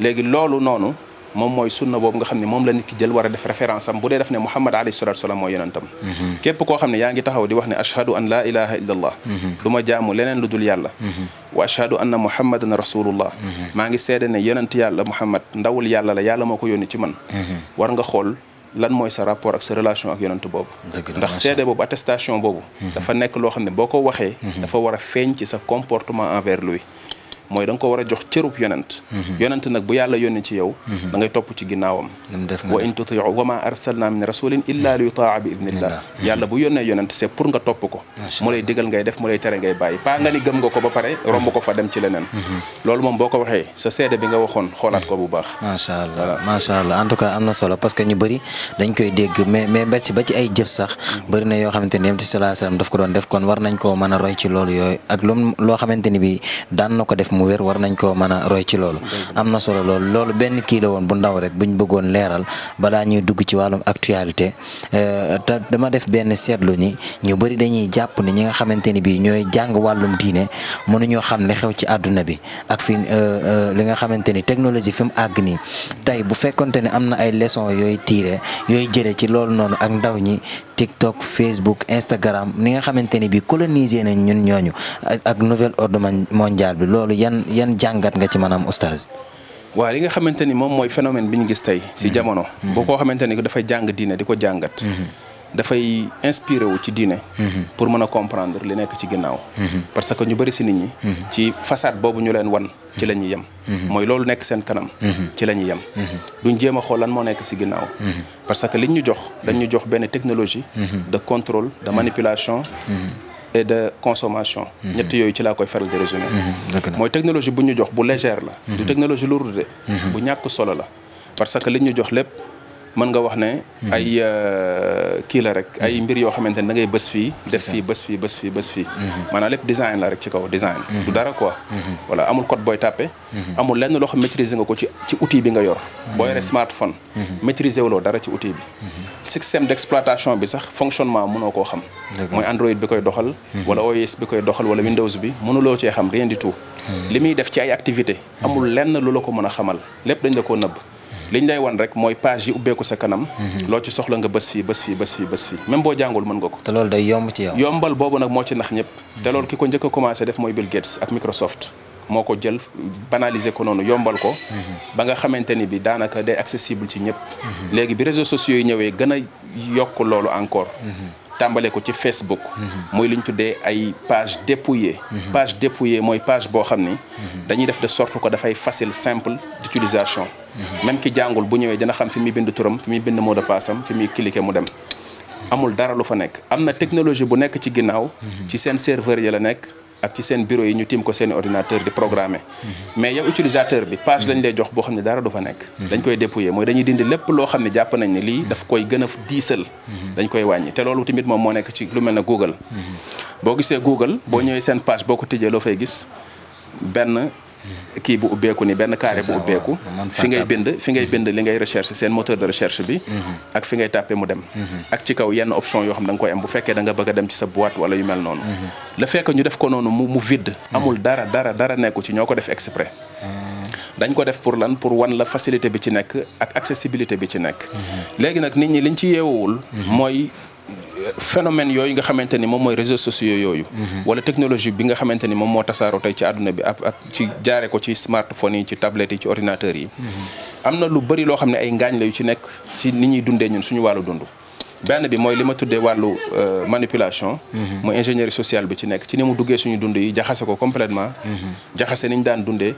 S2: léegi loolu noonu moom mooy sunna boobu nga xam ne moom la nit ki jël war a def référence am bu dee def ne Muhammad alayhi salatu salaam mooy yonentam mhm. képp koo xam ne yaa ngi taxaw di wax ne ashhadu an laa ilaha illa allah mhm. du ma jaamu leneen lu dul yàlla mhm. wa ashhadu anna muhammadan rasulullah maa ngi seede ne yonent yàlla muhammad la yàlla moo ko yónni ci man war nga xool lan mooy sa rapport ak sa relation ak yonent boobu ndax seede boobu attestation boobu dafa nekk loo xam ne boo ko waxee dafa war a feeñ ci sa comportement envers lui mooy da ko war a jox cërub yonent mhm. yonent nag bu yàlla yónni ci yow mhm. da ngay topp ci ginnaawam wa in tutiu wa ma arsalna min rasulin illa li yutaa mhm. yonent c'est pour nga topp ko mu lay digal ngay def mu lay tere ngay bàyyi paa nga ni nga ko ba pare romb ko fa dem ci leneen loolu moom boo ko waxee sa seede bi nga waxoon xoolaat ko bu baax
S1: ma allah macha allah en tout cas am na solo parce que ñu bëri dañ koy dégg mais mais ci ba ci ay jëf sax bëri na yoo xamante ni yonent sallallahu doon def kon war nañ koo mën a roy ci loolu loo xamante ni bi ko def mu wér war nañ koo mën a roy ci loolu am na solo loolu loolu benn kii la woon bu ndaw rek buñ bëggoon leeral balaa ñuy dugg ci wàllum actualité euh, te dama def benn seetlu ni ñu bëri dañuy jàpp ni ñi nga xamante ni bii ñooy jàng wàllum diine mënuñoo xam li xew ci àdduna bi ak fi euh, euh, li nga xamante ni technologie fi mu àgg nii tey bu fekkonte ne am na ay leçon yooyu tiire yooyu jëlee ci loolu noonu ak ndaw ñi TikTok Facebook Instagram ni nga xamante ni bii coloniser nañ ñun ñooñu ak nouvel ordre mondial yan yan jàngat nga ci maanaam oustaz.
S2: waaw li nga xamante ni moom mooy phénomène bi ñu gis tey si mhm. jamono. Mhm. boo koo xamante ni dafay jàng diine di ko jàngat. Mhm. dafay inspiré wu ci diine. pour mën a comprendre li nekk ci ginnaaw. parce que ñu bëri si nit ñi. ci façade boobu ñu leen wan ci la ñuy yem. mooy loolu nekk seen kanam. ci la ñuy yem. duñ jéem a xool lan moo nekk si ginnaaw. parce que li ñu jox dañ jox benn technologie. de contrôle de manipulation. et de consommation. Mhm. ñett yooyu ci laa koy faral di résumé. Mhm. mooy technologie bu ñu jox bu légère la. du mhm. technologie lourde. bu ñàkk solo la parce que li ñu jox lépp. mën nga wax ne hmm. ay euh, kii la rek ay hmm. mbir yoo xamante ne da ngay bës fii def fii bës fii bës fii bës fii hmm. lépp design la rek ci kaw design du dara quoi voilà amul code booy tàppe amul lenn loo xam maîtriser nga ko ci ci outil bi nga yor boo yore smartphone maîtriser wuloo dara ci outil bi système d'exploitation bi sax fonctionnement mënoo koo xam mooy Android bi koy doxal wala OS bi koy doxal wala Windows bi mënuloo cee xam rien du tout li muy def ci ay activité amul lenn lu la ko mën a xamal lépp dañ la koo nëbb li ñu lay wan rek mooy page yi ubbeeku sa kanam. Mhm. loo ci soxla nga bës fii bës fii bës fii bës fii même boo jàngul mën nga ko. te lool day yomb ci yow. yombal boobu nag moo ci nax ñëpp. Mhm. te loolu ki ko njëkk a def mooy Bill Gates ak Microsoft. moo ko jël banaliser ko noonu yombal ko. Mhm. ba nga xamante ni bi daanaka day accessible ci ñëpp. léegi bi réseaux sociaux yi ñëwee gën a yokk loolu encore. tàmbale ko ci Facebook. mooy li ñu tuddee ay page dépouillée. page dépouillée mooy page boo xam ni. dañuy def de sorte que dafay facile simple d'utilisation. même ki jàngul bu ñëwee dina xam fi muy bind turam fi muy bind mot de passe am fi muy cliquer mu dem. amul dara lu fa nekk am na technologie bu nekk ci ginnaaw. ci seen serveur yi la nekk. ak ci seen bureau yi ñu tiim ko seen ordinateur di programmer mais yow utilisateur bi page lañ lay jox boo xam ne dara du fa nekk dañ koy dépouiller mooy dañuy dindi lépp loo xam ne jàpp nañ ne lii daf koy gën a diisal dañ koy wàññi te loolu tamit moom moo nekk ci lu mel ne Google mhm. boo gisee Google boo ñëwee seen page boo ko tijjee loo fay gis benn kii bu ubbeeku ni benn carré bu ubbeeku fi ngay bind fi ngay mm-hmm. bind li ngay recherche seen moteur de recherche bi mm-hmm. ak fi ngay tàppee mu dem mm-hmm. ak ci kaw yenn option yoo xam da nga koy am bu fekkee danga nga bëgg dem ci sa boîte wala yu mel noonu la fekk ñu def ko noonu mu mu vide amul dara dara dara nekku ci ñoo ko def exprès dañ ko def pour lan pour wan la facilité bi ci nekk ak accessibilité bi ci nekk léegi nag nit ñi liñ ci yeewuwul mooy phénomène yooyu nga xamante ni moom mooy réseaux sociaux yooyu. Mhm. wala technologie bi nga xamante ni moom moo tasaaroo tey ci àdduna bi ak ci jaare ko ci smartphone yi ci tablettes yi ci ordinateurs yi.
S3: Mhm.
S2: am na lu bëri loo xam ne ay ngaañ la yu ci nekk ci ni ñuy dundee ñun suñu wàllu dund. benn bi mooy li ma tuddee wàllu euh, manipulation. Mhm. mooy ingénierie sociale bi ci nekk ci ni mu duggee suñu dund yi jaxase ko complètement jaxase ni ñu daan dundee.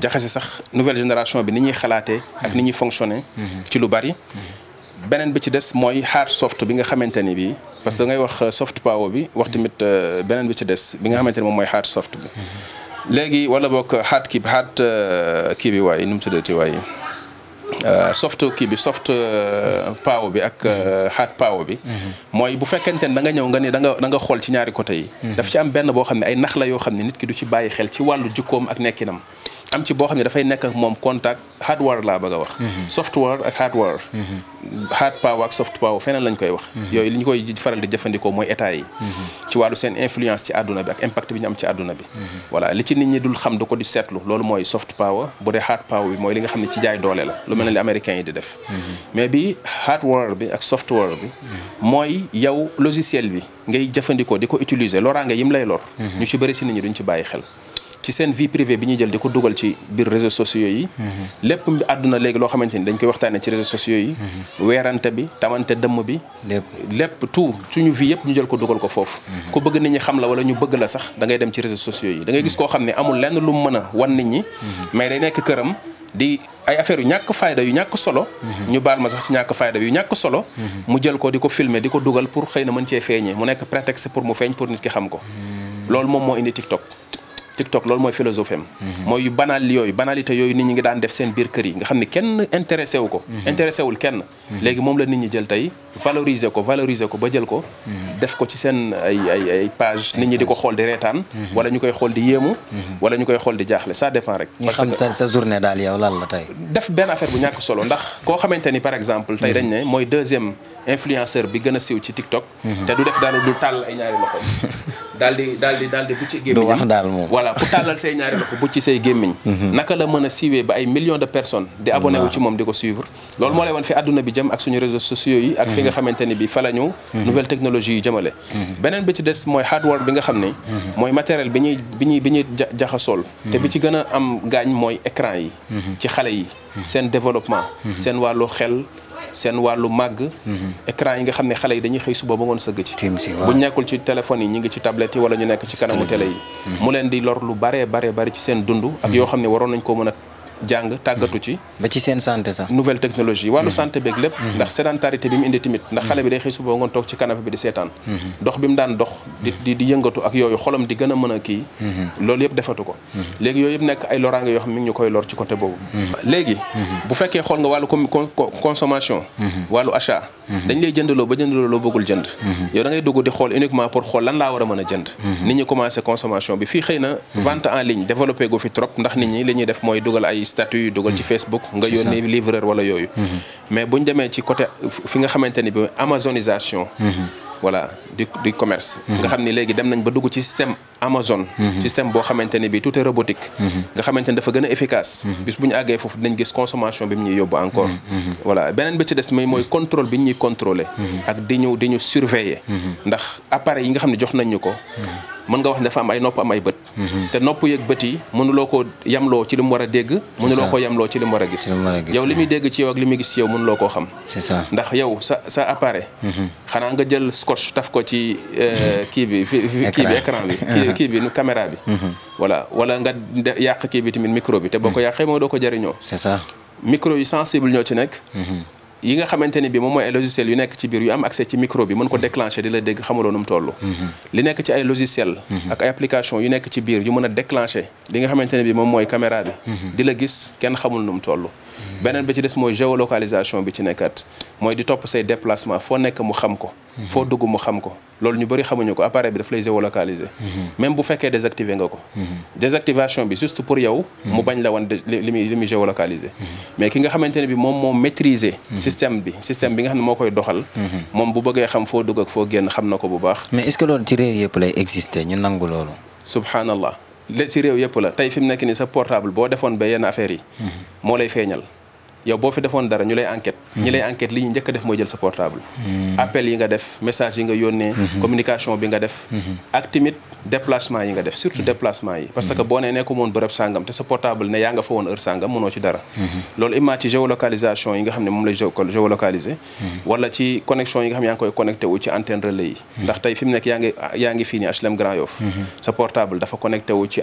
S2: jaxase sax nouvelle génération bi ni ñuy xalaatee. ak ni ñuy fonctionner. ci lu bari. beneen bi ci des mooy hard soft bi nga xamante ni bii parce que ngay wax euh, soft power bi wax tamit euh, beneen bi ci des bi nga xamante ni moom mooy hard soft bi. léegi wala boog hard kii bi hard euh, kii bi waaye nu mu tuddati waaye soft kii bi soft power bi ak hard power bi. mooy bu fekkente ne da nga ñëw nga ni danga nga nga xool ci ñaari côté yi. daf ci am benn boo xam ne ay nax la yoo xam ne nit ki du ci bàyyi xel ci wàllu jikkoom ak nekkinam. am ci boo xam ne dafay nekk ak moom contact hardware laa bëgg a wax. Mhm. software ak hardware. Mhm. hard power ak soft power feneen lañ koy wax. Mhm. yooyu li ñu koy faral di jëfandikoo mooy état yi. ci wàllu seen influence ci àdduna bi impact bi ñu am ci àdduna bi. voilà li ci nit ñi dul xam du ko di seetlu loolu mooy soft power bu dee hard bi mooy li xam ne ci jaay doole la lu mel ne li américains yi di mais bi hardware bi ak software mooy yow logiciel bi ngay jëfandikoo di ko utiliser loraange yim lay lor. ñu ci si nit ñi duñ ci bàyyi xel. ci seen vie privée bi ñuy jël di ko dugal ci biir réseaux sociaux yi. lépp àdduna léegi loo xamante ni dañ koy waxtaanee ci réseaux sociaux yi. weerante bi tamante dëmm bi. lépp lépp tout suñu vie yëpp ñu jël ko dugal ko foofu. Mhm. ku bëgg nit ñi xam la wala ñu bëgg la sax dangay dem ci réseaux sociaux yi da ngay gis mhm. koo xam ne amul lenn lu mu mën a wan nit ñi. Mhm. mais day nekk këram di ay affaires yu ñàkk fayda yu ñàkk solo. ñu baal ma sax ci ñàkk fayda yu ñàkk solo. mu jël ko di ko filmer di ko dugal pour xëy na mën cee feeñee mu nekk prétexte pour mu feeñ pour nit ki xam ko. loolu moom moo indi TikTok TikTok loolu mooy philosophie am. Mhm. mooy yu banal yooyu banalité yooyu nit ñi ngi daan def seen biir kër yi nga xam ne kenn intéressé wu ko. Mhm. intéressé wul kenn. Mhm. léegi moom la nit ñi jël tey valoriser ko valorisé ko ba jël ko. def ko ci seen ay ay ay page nit ñi di ko xool di reetaan. wala ñu koy xool di yéemu. wala ñu koy xool di jaaxle ça dépend rek. parce xam sa sa
S1: journée daal yow lan la tey.
S2: def benn affaire bu ñàkk solo ndax koo xamante ni par exemple tey dañ ne mooy deuxième influenceur bi gën a siiw ci TikTok. te du def daal du tàll ay ñaari loxo. daal di daal di daal di bu ci gémmiñ wax daal moom voilà bu tàllal say ñaari loxo bu mhm. naka la mën a siiwee ba ay millions de personnes di abonné ci moom di ko suivre loolu moo lay wan fi àdduna bi jëm ak suñu réseaux sociaux yi ak fi nga mhm. xamante ni bi fa la ñu mhm. nouvelle technologie yi jëmale beneen bi ci des mooy hardware bi nga xam ne mooy matériel bi ñuy bi ñuy bi ñuy jaxasool te bi ci gën a am gaañ mooy écran yi ci xale yi seen développement seen wàllu xel seen wàllu màgg mhm. écran yi nga xam ne xale yi dañuy xëy suba ba ngoon sëgg ci buñ nekkul ci téléphone yi ñu ngi ci tablette yi wala ñu nekk ci kanamu télé yi mhm. mu leen di lor lu bare bare bari ci seen dund ak yoo mhm. xam ne waroon nañ koo mën a jàng tàggatu ci. ba ci seen santé sax. nouvelle technologie wàllu mm-hmm. santé beeg lépp. Mm-hmm. ndax sédentarité bi mu indi tamit ndax xale bi day xëy suba ngoon toog ci canapé bi di seetaan. Mm-hmm. dox bi mu daan dox di di yëngatu ak yooyu xolam di gën a mën a kii. loolu yëpp defatu ko. léegi yooyu yëpp nekk ay loraange yoo xam mi ngi ñu koy lor ci côté boobu. léegi. bu fekkee xool nga wàllu consommation. wàllu achat. dañ lay jëndaloo ba jëndaloo loo bëggul jënd. yow da ngay dugg di xool uniquement pour xool lan laa war a mën a jënd. nit ñi commencé consommation bi fii xëy na vente en ligne développé gu fi trop ndax nit ñi li ñuy def mooy dugal ay statut yu dugal ci mm-hmm. Facebook nga yónnee livreur wala yooyu mm-hmm. mais bu ñu demee ci côté fi nga xamante ni bi amazonisation mm-hmm. voilà du du commerce nga xam ni léegi dem nañ ba dugg ci système Amazon. Mhm. système boo xamante ne bii tout est robotique. Mhm. nga xamante ne dafa gën a efficace. Mhm. bis bu ñu àggee foofu dinañ gis consommation bi mu ñuy yóbbu encore. voilà beneen bi ci des mooy mooy contrôle bi ñuy contrôler. ak di ñu di ñu surveiller. ndax appareil yi nga xam ne jox nañ ñu ko. mën nga wax ne dafa am ay nopp am ay bët. te nopp yeeg bët yi mënuloo koo loo ci li mu war a dégg. mënuloo koo loo ci li mu war a gis. yow li muy dégg ci yow ak li muy gis ci yow mënuloo koo xam. c'est ça ndax yow sa sa appareil. xanaa nga jël scotch taf ko ci euh, kii bi kii bi nu caméra bi mhm. wala nga yàq kii bi te boo ko mhm. yàqee moo doo ko jëriñoo c'est ça micro yu sensible ñoo ci nekk mhm. yi nga xamante ni bi moom mooy ay logiciel yu nekk ci biir yu am accès ci micro mën ko déclencher di dégg xamuloo nu mu li nekk ci ay logiciel ak application yu nekk ci biir yu mën a déclencher li nga xamante bi moom mooy caméra bi di gis kenn xamul nu mu beneen bi ci des mooy géolocalisation bi ci nekkat mooy di topp say déplacement foo nekk mu xam ko mhm. foo dugg mu xam ko loolu ñu bëri xamuñu ko appareil bi daf lay géolocaliser mhm. même bu fekkee désactivé nga ko mhm. désactivation bi juste pour yow mu bañ la wan li muy li muy géolocaliser ki nga xamante ne bi moom moo maîtriser système bi système bi nga xam ne moo koy doxal moom bu bëggee xam foo dugg ak foo génn xam na ko bu baax
S1: mais est-ce que loolu ci réew yëpp lay exister ñu nangu loolu
S2: subhanallah si réew yëpp la tey fi mu nekk nii sa portable boo defoon ba yenn affaires yi mhm. moo lay feeñal yow boo fi defoon dara ñu lay enquête ñi lay enquête li ñu njëkk a def mooy jël sa portable
S3: hmm. appel
S2: yi nga def message yi nga yónnee hmm. communication bi nga def hmm. ak tamit déplacement yi nga def surtout déplacement yi parce que boo nee nekku moon bërëb sàngam te sa portable ne yaa nga fa woon heure sàngam mënoo ci dara loolu image ci géolocalisation yi nga xam ne moom lay géolocaliser wala ci connexion yi nga xam ne yaa ngi koy connecté wu ci antenne relais yi ndax tey fi mu nekk yaa ngi yaa ni HLM Grand Yoff sa portable dafa connecté wu ci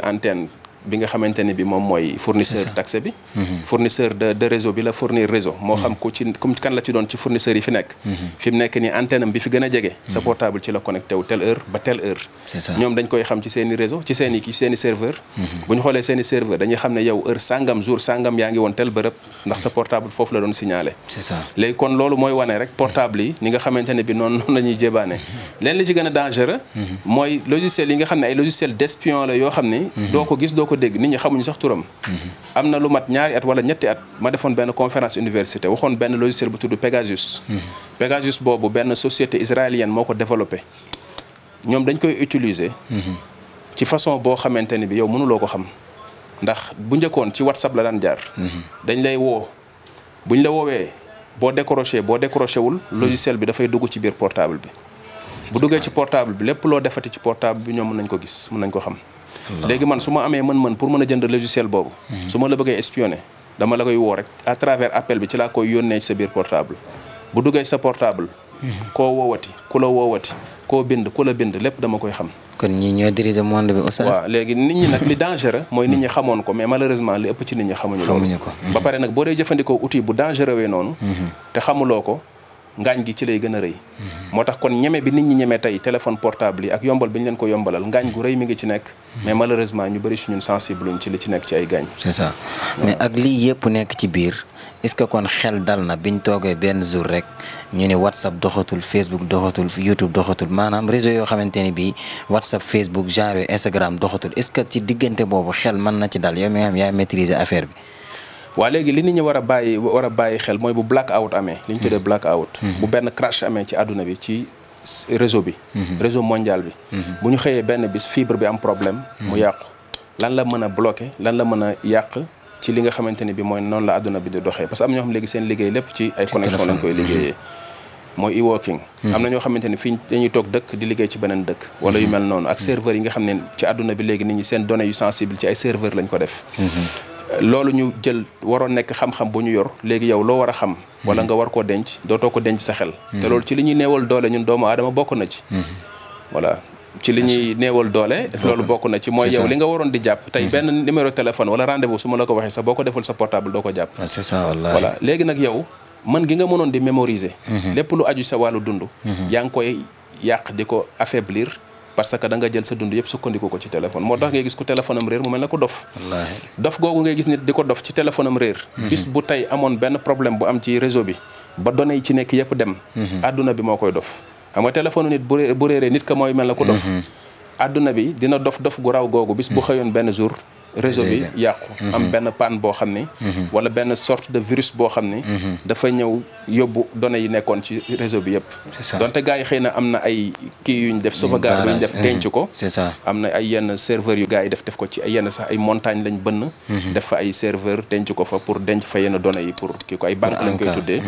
S2: bi nga xamante ni bi moom mooy fournisseur d'accès bi mm-hmm. fournisseur de réseau bi la fournir moo xam ku ci kan la ci doon ci fournisseurs yi fi nekk mm-hmm. fi nekk nii antenne bi fi gën a jege mm-hmm. sa portable ci la connecté wu heure ba telle heure ñoom dañ koy xam ci seen i réseau ci seen serveur bu xoolee seen serveur dañuy xam ne yow heure sangam jour sangam yaa ngi woon tel bërëb ndax sa portable foofu la doon signalé léegi kon loolu mooy wane rek portable dégg nit ñi xamuñu sax turam
S3: mm-hmm.
S2: am na lu mat ñaari at wala ñetti at ma defoon benn conférence université waxoon benn logiciel bu tudd Pegasus mm-hmm. Pegasus boobu benn société israélienne moo ko développé ñoom dañ koy utiliser mm-hmm. ci façon boo xamante ni bi yow mënuloo ko xam ndax bu njëkkoon ci WhatsApp la daan jaar dañ lay woo buñ la woowee boo décroché boo décroché wul logiciel bi dafay dugg ci biir portable bi bu duggee ci portable bi lépp loo defati ci portable bi ñoom mën ko gis mën nañ ko xam léegi man su ma amee mën-mën pour mën a jënd logiciel boobu hmm. su ma la bëggee espionner dama la koy woo rek à travers appel bi ci laa koy yónnee sa biir portable bu duggee sa portable hmm. koo woowati ku la woowati koo bind ku la bind lépp dama koy xam
S1: kon ñi ñoo diriger monde bi oustaz waaw
S2: léegi nit ñi nag li dangereux mooy nit ñi xamoon ko mais malheureusement li ëpp ci nit ñi xamuñu loolu xamuñu ko ba pare nag boo dee jëfandikoo outil bu dangereux wee noonu hmm. te xamuloo ko ngaañ gi ci lay gën a rëy moo tax kon ñeme bi nit ñi ñeme tey téléphone portable yi ak yombal bi leen ko yombalal ngaañ gu rëy mi ngi ci nekk mais malheureusement ñu bëri suñun sensible ci li ci nekk ci ay gaañ c'est
S1: mais ak lii yëpp nekk ci biir est-ce que kon xel dal na biñ toogee benn jour rek ñu ne whatsapp doxatul facebook doxatul youtube doxatul maanaam réseau yoo xamante ni bii whatsapp facebook genre instagram doxatul est-ce que ci diggante boobu xel mën na ci dal yow mi nga xam bi
S2: waa léegi li nit ñi war a bàyyi war a bàyyi xel mooy bu black out amee li ñu tuddee mm-hmm. black out mm-hmm. bu benn crash amee ci àdduna bi ci réseau bi mm-hmm. réseau mondial bi bu ñu xëyee benn bis fibre bi am problème mu yàqu lan la mën a bloqué lan la mën a yàq ci li nga xamante ne bi mooy noonu la àdduna bi di doxee parce que am ñoo xam léegi seen liggéey lépp ci ay connexion lañ koy liggéeyee mooy e-working am na ñoo xamante fi fii dañuy toog dëkk di liggéey ci beneen dëkk wala yu mel noonu ak serveur nga xam ne ci àdduna léegi nit ñi seen données yu sensible ci ay serveur lañ ko def loolu ñu jël waroon nekk xam-xam bu ñu yor léegi yow loo war a xam wala nga war koo denc doo dootoo ko denc sa xel hmm. te loolu ci li ñuy neewal doole ñun doomu aadama bokk na ci hmm. voilà ci li ñuy neewal doole loolu bokk na ci mooy yow li nga waroon di jàpp tey hmm. benn numéro téléphone wala rendez-vous suma ma la ko waxee sax boo ko deful sa portable doo ko jàpp ah, c'est ça léegi nag yow man gi nga mënoon di mémoriser lépp lu aju sa wàllu dund yaa koy yàq di ko affaiblir parce que da jël sa dund yëpp sukkandiku ko ci téléphone moo tax ngay gis ku téléphone réer mu mel ne ku dof dof googu ngay gis nit di ko dof ci téléphone am réer mhm. bis bu tey amoon benn problème bu am ci réseau bi ba données yi ci nekk yëpp dem àdduna mhm. bi moo koy dof xam nga téléphone nit bu réeree nit ka mooy mel na ku dof mhm. àdduna bi dina dof dof gu raw googu bis bu hmm. xëyoon benn jour réseau bi yàqu hmm. am benn panne boo xam ni hmm. wala benn sorte de virus boo xam ni dafa ñëw yóbbu données yi nekkoon ci réseau bi yëpp donte gars yi xëy na am na ay kii yuñ def sauvegarde yuñ def denc eh, ko c'est ça am na ay yenn serveur yu gars yi def def ko ci ay yenn sax ay montagne lañ bënn def fa ay serveur denc ko fa pour denc fa yenn données yi pour kii ko ay banque lañ koy tuddee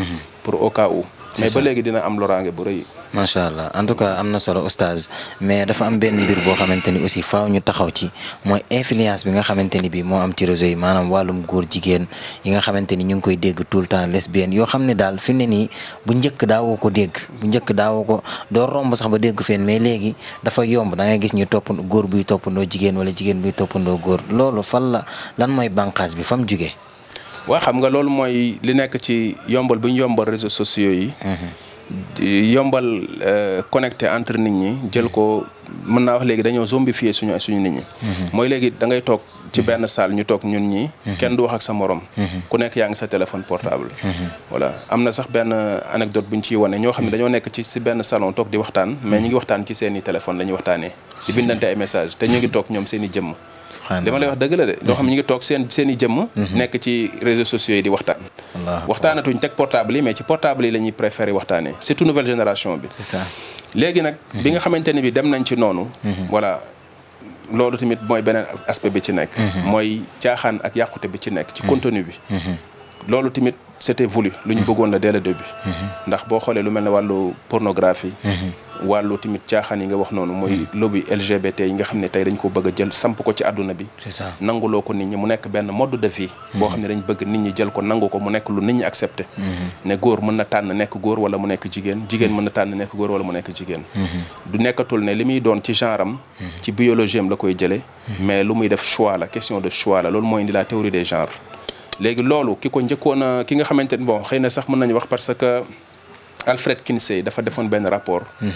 S2: pour au cas ba léegi dina am loraange bu rëy
S1: macha allah en tout cas am na solo oustaz mais dafa am benn mbir boo xamante ni aussi faaw ñu taxaw ci mooy influence bi nga xamante ni bii moo am ci réseau yi maanaam wàllum góor jigéen yi nga xamante ni ñu ngi koy dégg tout le temps lesbienne yoo xam ne daal fi ne nii bu njëkk daawoo ko dégg bu njëkk daawoo ko doo romb sax ba dégg fenn mais léegi dafa yomb dangay gis ñu topp góor buy toppandoo jigéen wala jigéen buy toppandoo góor loolu fan la lan mooy bànqaas bi fa jugee.
S2: waa xam nga loolu mooy li nekk ci yombal bu ñu yombal réseaux sociaux yombal euh, connecté entre nit ñi jël ko mën naa wax léegi dañoo zombifié suñu suñu nit ñi. Mhm. mooy léegi da ngay toog ci mhm. benn salle ñu toog ñun ñi mhm. kenn du wax ak sa morom. ku nekk yaa ngi sa téléphone portable. voilà am na sax benn anecdote bu ñu ciy wane ñoo xam ne dañoo nekk ci si benn salon toog di waxtaan mais ñu ngi waxtaan ci seeni i téléphone la ñuy waxtaanee. di bindante ay message te ñu ngi toog ñoom seeni i jëmm. li ma lay wax dëgg la de loo xam ne ñu ngi toog seen seen i jëmm. Mhm. nekk ci réseaux sociaux yi di waxtaan. waxtaanatuñ teg portable yi mais ci portable yi la ñuy préféré surtout nouvelle génération bi. léegi nag. Mhm. bi nga xamante ne bi dem nañ ci noonu. Mhm. voilà loolu tamit mooy beneen aspect bi ci nekk. mooy caaxaan ak yàqute bi ci nekk. ci contenu bi. loolu tamit. c'était voulu lu ñu bëggoon la dès le début. Mhm. ndax boo xoolee lu mel ne wàllu pornographie. Mhm. wàllu tamit caaxaan yi nga wax noonu mooy mhm. lobby LGBT yi nga xam ne tey dañ ko bëgg jël samp ko ci àdduna bi. c'est ça nanguloo ko nit ñi mu nekk benn mode def vie. boo xam ne dañ bëgg nit ñi jël ko nangu ko mu nekk lu nit ñi accepté. ne góor mën na tànn nekk góor wala mu nekk jigéen jigéen mën na tànn nekk góor wala mu nekk jigéen. du nekkatul ne li muy doon ci genre am. ci biologie am koy jëlee. mais lu muy def choix la question de choix loolu mooy indi la théorie des genres. léegi loolu ki ko njëkkoon a ki nga xamante ni bon xëy na sax mën nañu wax parce que Alfred Kinsey dafa defoon benn rapport. Mhm.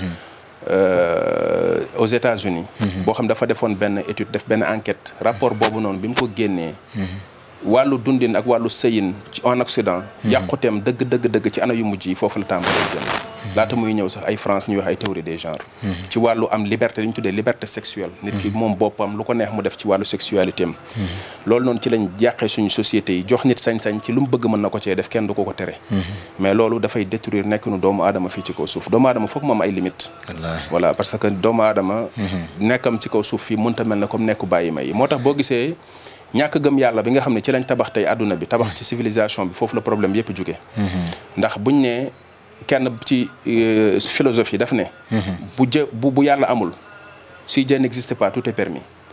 S2: Euh, aux États-Unis mhm. boo xam dafa defoon benn étude def benn enquête rapport boobu noonu bi mu ko génnee. Mhm. wàllu dundin ak wàllu sëyin ci en Occident. yàquteem dëgg dëgg dëgg ci ana yu mujj yi foofu la tàmbalee jëm. laata muy ñëw sax ay France ñuy wax ay théorie de genres ci wàllu am liberté li ñu tuddee liberté sexuelle nit ki moom boppam lu ko neex mu def ci wàllu sexualité am loolu noonu ci lañ jàqee suñu société yi jox nit sañ-sañ ci lu mu bëgg mën na ko cee def kenn du ko ko tere mais loolu dafay détruire nekk nu doomu aadama fii ci kaw suuf doomu aadama foog mu am ay limites voilà parce que doomu aadama mhm. nekkam ci kaw suuf fii mënta mel ne comme nekku bàyyi may moo tax boo ñàkk gëm yàlla bi nga xam ne ci lañ tabax tey àdduna bi tabax ci civilisation bi foofu la problème yëpp jóge mhm. ndax buñ kenn ci euh, philosophie daf ne. Mhm. bu jë bu bu yàlla amul si Dieu n'existe pas tout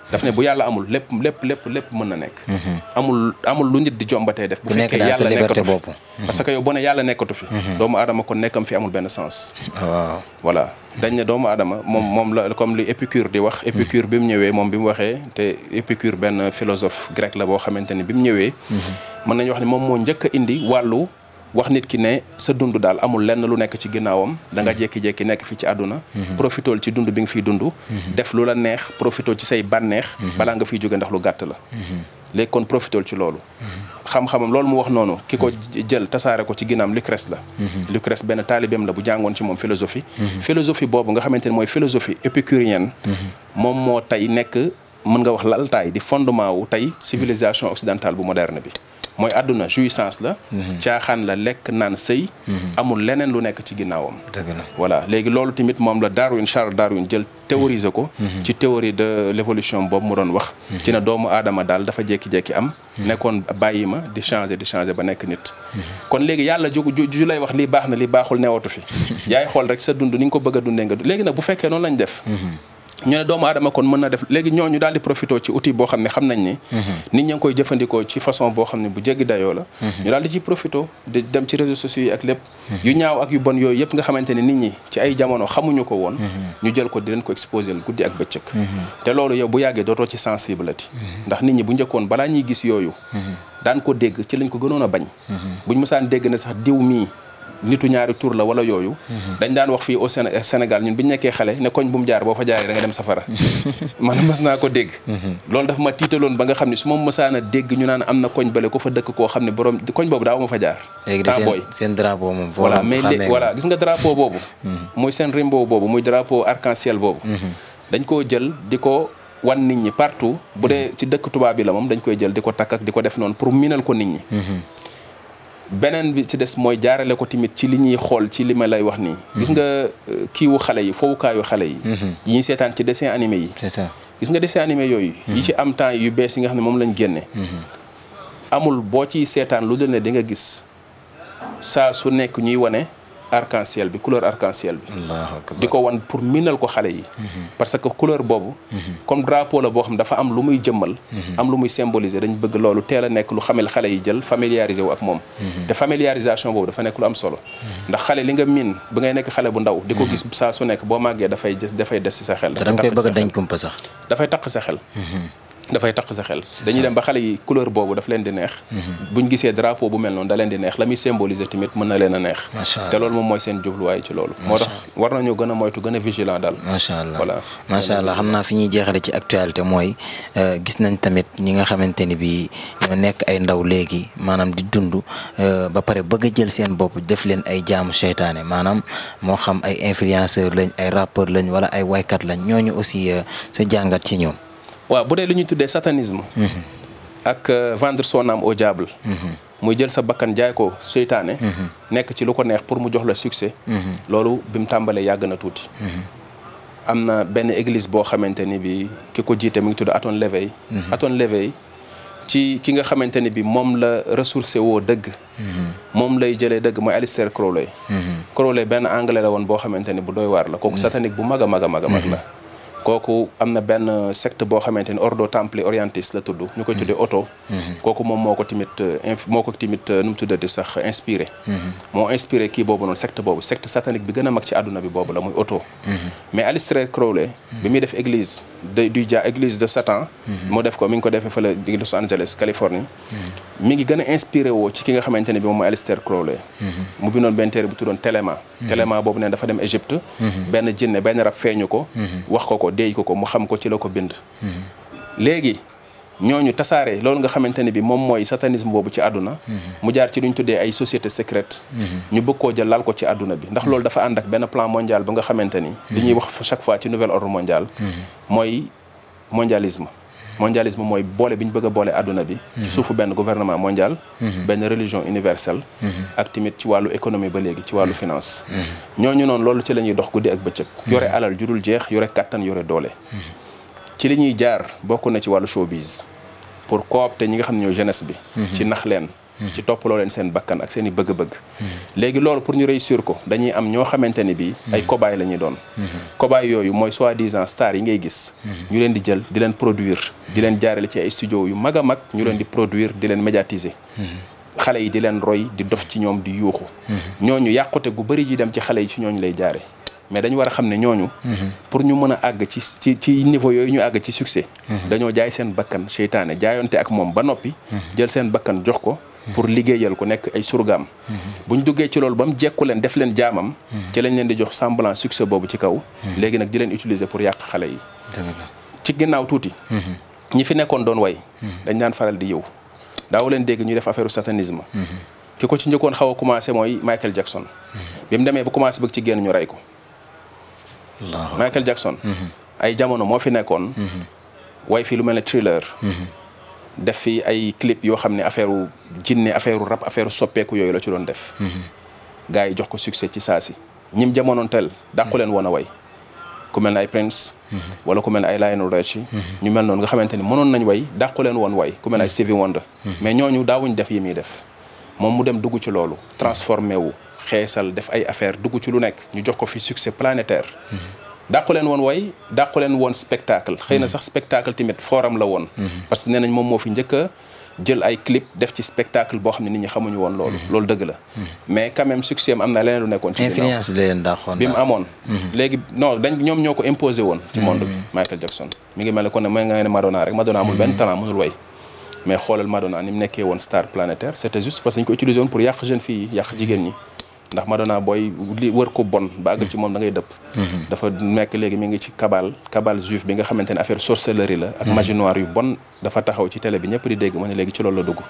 S2: daf ne bu yàlla amul lépp lépp lépp lépp mën na nekk. Mhm. amul amul lu nit di jombatee def. bu fekkee yàlla nekkatu fi mhm. parce que yow boo yàlla nekkatu fi. doomu aadama kon nekkam fi amul benn sens. Ah, waaw dañ ne doomu adama moom moom la comme li Épicure di wax. Épicure bi mu ñëwee moom bi mu waxee te Épicure benn philosophe grec la boo xamante ni bi mu ñëwee. mën nañu wax ne moom moo njëkk indi wàllu. wax nit ki ne sa dund daal amul lenn lu nekk ci ginnaawam da nga mm-hmm. jékki nekk fi ci àdduna mm-hmm. profitool ci dund bi nga fiy dund mm-hmm. def lu la neex profitool ci say bànneex balaa nga fiy jóge ndax lu gàtt la léegi kon profitool ci loolu xam-xamam loolu mu wax noonu ki ko jël tasaare ko ci ginnaam Lucrèce la Lucrèce benn taalibeem la bu jàngoon ci moom philosophie philosophie boobu nga xamante ne mooy philosophie épicurienne moom moo tey nekk mën nga wax laltaay di fondement wu tey civilisation occidentale bu moderne bi mooy àdduna jouissance la. Mhm. caaxaan la lekk naan sëy. Mhm. amul leneen lu nekk ci ginnaawam. dëgg la voilà léegi loolu tamit moom la Darwin Charles Darwin jël théoriser ko. Mhm. ci théorie de l'évolution boobu mu doon wax. ci na doomu aadama daal dafa jékki-jékki am. nekkoon bàyyi ma di changer di changer ba nekk nit. kon léegi yàlla ju ju lay wax lii baax na li baaxul newatu fi. yaay xool rek sa dund ni nga ko bëgg a dundee nga léegi nag bu fekkee noonu lañu def. ñu ne doomu aadama kon mën na def léegi ñooñu daal di profité ci uti boo xam ne xam nañ ni. Mhm. nit ña ngi koy jëfandikoo ci façon boo xam ne bu jéggi dayoo la. Mhm. ñu daal di ciy dem ci réseaux sociaux yi ak lépp. Mhm. yu ñaaw ak yu bon yooyu yëpp nga xamante ne nit ñi ci ay jamono xamuñu ko woon. ñu jël ko di ko exposé guddi ak bëccëg. te loolu yow bu yàggee dootoo ci sensible ati ndax nit ñi bu njëkkoon balaa ñuy gis yooyu. daan ko dégg ci lañ ko gënoon a bañ. buñ mosaan dégg ne sax diw mii. nitu ñaari tur la wala yooyu dañ daan wax fii au Sénégal ñun bi ñu xale ne koñ bu jaar boo fa jaaree da nga dem safara man mës naa ko dégg mhm. loolu dafa ma tiitaloon ba nga xam ne su ma mësaan a dégg ñu naan am na koñ bële ko fa koo xam ne borom koñ boobu daaw ma fa jaar temps booy
S1: seen drapeau moom voilà mais léegi
S2: gis nga drapeau boobu muy mhm. seen rainbow boobu muy drapeau arc-en-ciel boobu mhm. dañ koo jël di ko wan nit ñi partout bu dee ci dëkk tubaab bi la moom dañ koy jël di ko takk di ko def noonu pour miinal ko niñ ñi beneen bi ci des mooy jaarale ko tamit ci li ñuy xool ci li ma lay wax nii. gis nga euh, kiiwu xale yi fowukaayu xale yi. Mm-hmm. yi ñuy seetaan ci dessin animé yi. c'est ça gis nga dessin animé yooyu. yi ci am temps yu bees yi nga xam ne moom lañ génne. Mm-hmm. amul boo ciy seetaan lu dul ne di nga gis saa su nekk ñuy wane. arc en bi couleur arc-en-ciel bi di ko wan pour miinal ko xale yi mhm. parce que couleur boobu mhm. comme drapeau la boo xam dafa am lu muy jëmmal mhm. am lu muy symboliser dañ bëgg loolu teel a nekk lu xamel xale yi jël familiariser wu ak moom te familiarisation boobu dafa nekk lu am solo ndax xale li nga miin ba ngay nekk xale bu ndaw di ko gis saa su nekk boo màggee dafay dafay des ci sa xel
S1: dafay
S2: takk sa xel dafay taq sa xel dañuy dem ba xale yi couleur boobu daf leen di neex mhm. buñ gisee drapeau bu mel noon da leen di neex la muy symboliser tamit mën na leen a neex te loolu moom mooy seen jubluwaay ci loolu moo tax war nañoo gën a moytu gën a vigilant daal macha allah voilà macha allah xam naa fi ñuy
S1: jeexale ci actualité mooy euh, gis nañ tamit ñi nga xamante ni bi ñoo nekk ay ndaw léegi maanaam di dund euh, ba pare bëgg jël seen bopp def leen ay jaamu seytaane maanaam moo xam ay influenceur lañ ay rappeur lañ wala ay waykat lañ ñooñu aussi euh, sa jàngat ci ñoom
S2: waaw bu dee lu ñuy tuddee satanisme. Mm-hmm. ak euh, vendre son âme au diable. Mm-hmm. muy jël sa bakkan jaay ko seytaane. Mm-hmm. nekk ci lu ko neex pour mu jox la succès. loolu bi mu tàmbalee yàgg na tuuti. am na benn église boo xamante ni bi ki ko jiite mu ngi tudd Anton LaVey. Anton LaVey ci ki nga xamante ni bi moom la ressourcé woo dëgg. moom lay jëlee dëgg mooy alister Crowley. Crowley benn anglais la woon boo xamante ni bu doy waar la kooku satanique bu mag a mag a mag a mag la. kooku am na benn secte boo xamante ni ordo templi orientis la tudd. ñu koy tuddee mhm. oto. Mhm. kooku moom moo ko tamit euh, moo ko tamit euh, nu mu tuddati sax inspiré. Mhm. moo inspiré kii boobu noonu sect boobu secte satanique bi gën a mag ci àdduna bi boobu la muy oto. mais Aleister Crowley. bi muy def église de du ja église de Satan. mu def ko mi ngi ko defee fële Los Angeles Californie. mi ngi gën a inspiré woo ci ki nga xamante ne bi moom mooy Aleister Crowley. mu bindoon benn téere bu tuddoon Téléma. Téléma boobu ne dafa dem Égypte. benn jinne benn rab feeñu ko. wax ko. ko ko ko mu xam ko ci la ko bind léegi ñoo ñu tasaare loolu nga xamante ne bi moom mooy satanisme boobu ci àdduna mu jaar ci ñu tuddee ay société secrète ñu bëgg ko jël laal ko ci àdduna bi ndax loolu dafa ànd ak benn plan mondial ba nga xamante ni li ñuy wax chaque fois ci nouvel ordre mondial mooy mondialisme mondialisme mooy boole bi ñu bëgg boole àdduna bi. ci mhm. suufu benn gouvernement mondial. Mhm. benn religion universelle. Mhm. ak tamit ci wàllu économie ba léegi ci wàllu finance. ñu noon loolu ci la ñuy dox guddi ak bëccëg. yore alal judul jeex yore kàttan yore doole. ci li ñuy jaar bokk na ci wàllu showbiz pour coopter ñi nga xam ne ñoo bi. ci nax leen. ci toppaloo leen seen bakkan ak seeni i bëgg-bëgg léegi loolu pour ñu réussir ko dañuy am ñoo xamante ni bii ay cobaye la ñuy doon cobaye yooyu mooy soi-disant star yi ngay gis ñu leen di jël di leen produire di leen jaarale ci ay studio yu mag a mag ñu leen di produire di leen médiatiser xale yi di leen roy di dof ci ñoom di yuuxu ñooñu yàqute gu bëri ji dem ci xale yi ci ñooñu lay jaare mais dañu war a xam ne ñooñu pour ñu mën a àgg ci ci ci niveau yooyu ñu àgg ci succès dañoo jaay seen bakkan seytaane jaayonte ak moom ba noppi jël seen bakkan jox ko pour liggéeyal ku nekk ay surgaam bu ñu duggee ci loolu ba mu jekku leen def leen jaamam ci lañ leen di jox semblant succès boobu ci kaw léegi nag di leen utiliser pour yàq xale yi ci ginnaaw tuuti ñi fi nekkoon doon way dañ daan faral di yëw daaw leen dégg ñu def affaire satanisme ki ko ci njëkkoon xaw a commencé mooy Michael Jackson bi mu demee ba commencé bëgg ci génn ñu rey ko Michael Jackson mhm. ay jamono moo fi nekkoon mhm. way fii lu mel ne thriller mhm. def fi ay clip yoo xam ne affaire u jinne affaire u rap affaire soppeeku yooyu la ci doon def. Mm-hmm. gars yi jox ko succès ci saa si. ñim jamonoonteel dàqu leen woon a way ku mel ne ay Prince. Mm-hmm. wala ku mel ne ay Lionel Richie. Mm-hmm. ñu mel noon nga xamante ni mënoon nañ way dàqu leen woon way ku mel ne ay Stevie Wonder. mais ñooñu daawuñ def yi muy def moom mu dem dugg ci loolu transformé wu xeesal def ay affaire dugg ci lu nekk ñu jox ko fi succès planétaire. dàqu leen woon way dàqu leen woon spectacle xëy na mm-hmm. sax spectacle tamit forum la woon mm-hmm. parce que nee nañ moom moo fi njëkk jël ay clip def ci spectacle boo xam ne nit ñi xamuñu woon loolu mm-hmm. loolu dëgg la mais quand même succès am am na leneen lu nekkoon ci bi mu amoon léegi non dañ ñoom ñoo ko imposé woon ci monde bi Michael Jackson mi ngi mel ne kon ne mooy nga ne Madonna rek Madonna amul benn talent mënul way mais xoolal Madonna ni nekkee woon star planétaire c'était juste parce ñi ndax Madonna booy li wër ko bon ba àgg ci moom da ngay dëpp mhm. dafa nekk léegi mi ngi ci kabal kabal juif bi nga xamante ne affaire sorcellerie la ak mhm. magie yu bon dafa taxaw ci télé bi ñëpp di dégg mu ne léegi ci loolu la dugg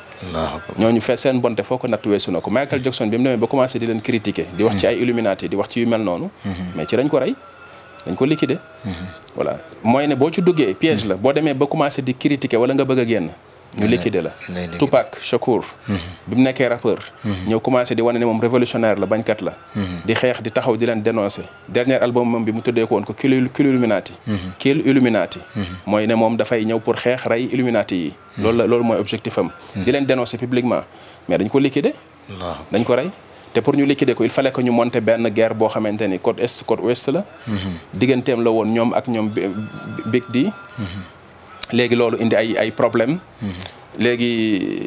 S2: ñooñu fe seen bonte foo ko natt weesu na ko Michael Jackson bi mu demee ba commencé di leen critiquer di wax ci mhm. ay Illuminati di wax ci yu mel noonu mais ci dañ ko rey dañ ko liquider voilà mooy ne boo ci duggee piège la boo demee ba commencé di critiquer wala nga bëgg génn ñu liquide la Tupac Shakur mm-hmm. bi mu nekkee rappeur mm-hmm. ñëw commencé di wane ne moom révolutionnaire la bañkat la mm-hmm. di xeex di taxaw di leen dénoncé dernier album moom bi mu tuddee ko woon ko kill kill illuminati kill illuminati mooy ne moom dafay ñëw pour xeex rey illuminati yi loolu la loolu mooy objectif am di leen dénoncé publiquement mais dañ ko liquidé dañ ko rey te pour ñu liquider ko il fallait que ñu monte benn guerre boo xamante ni côte est côte ouest la digganteem la woon ñoom ak ñoom Big D léegi loolu indi ay ay problème mm-hmm. léegi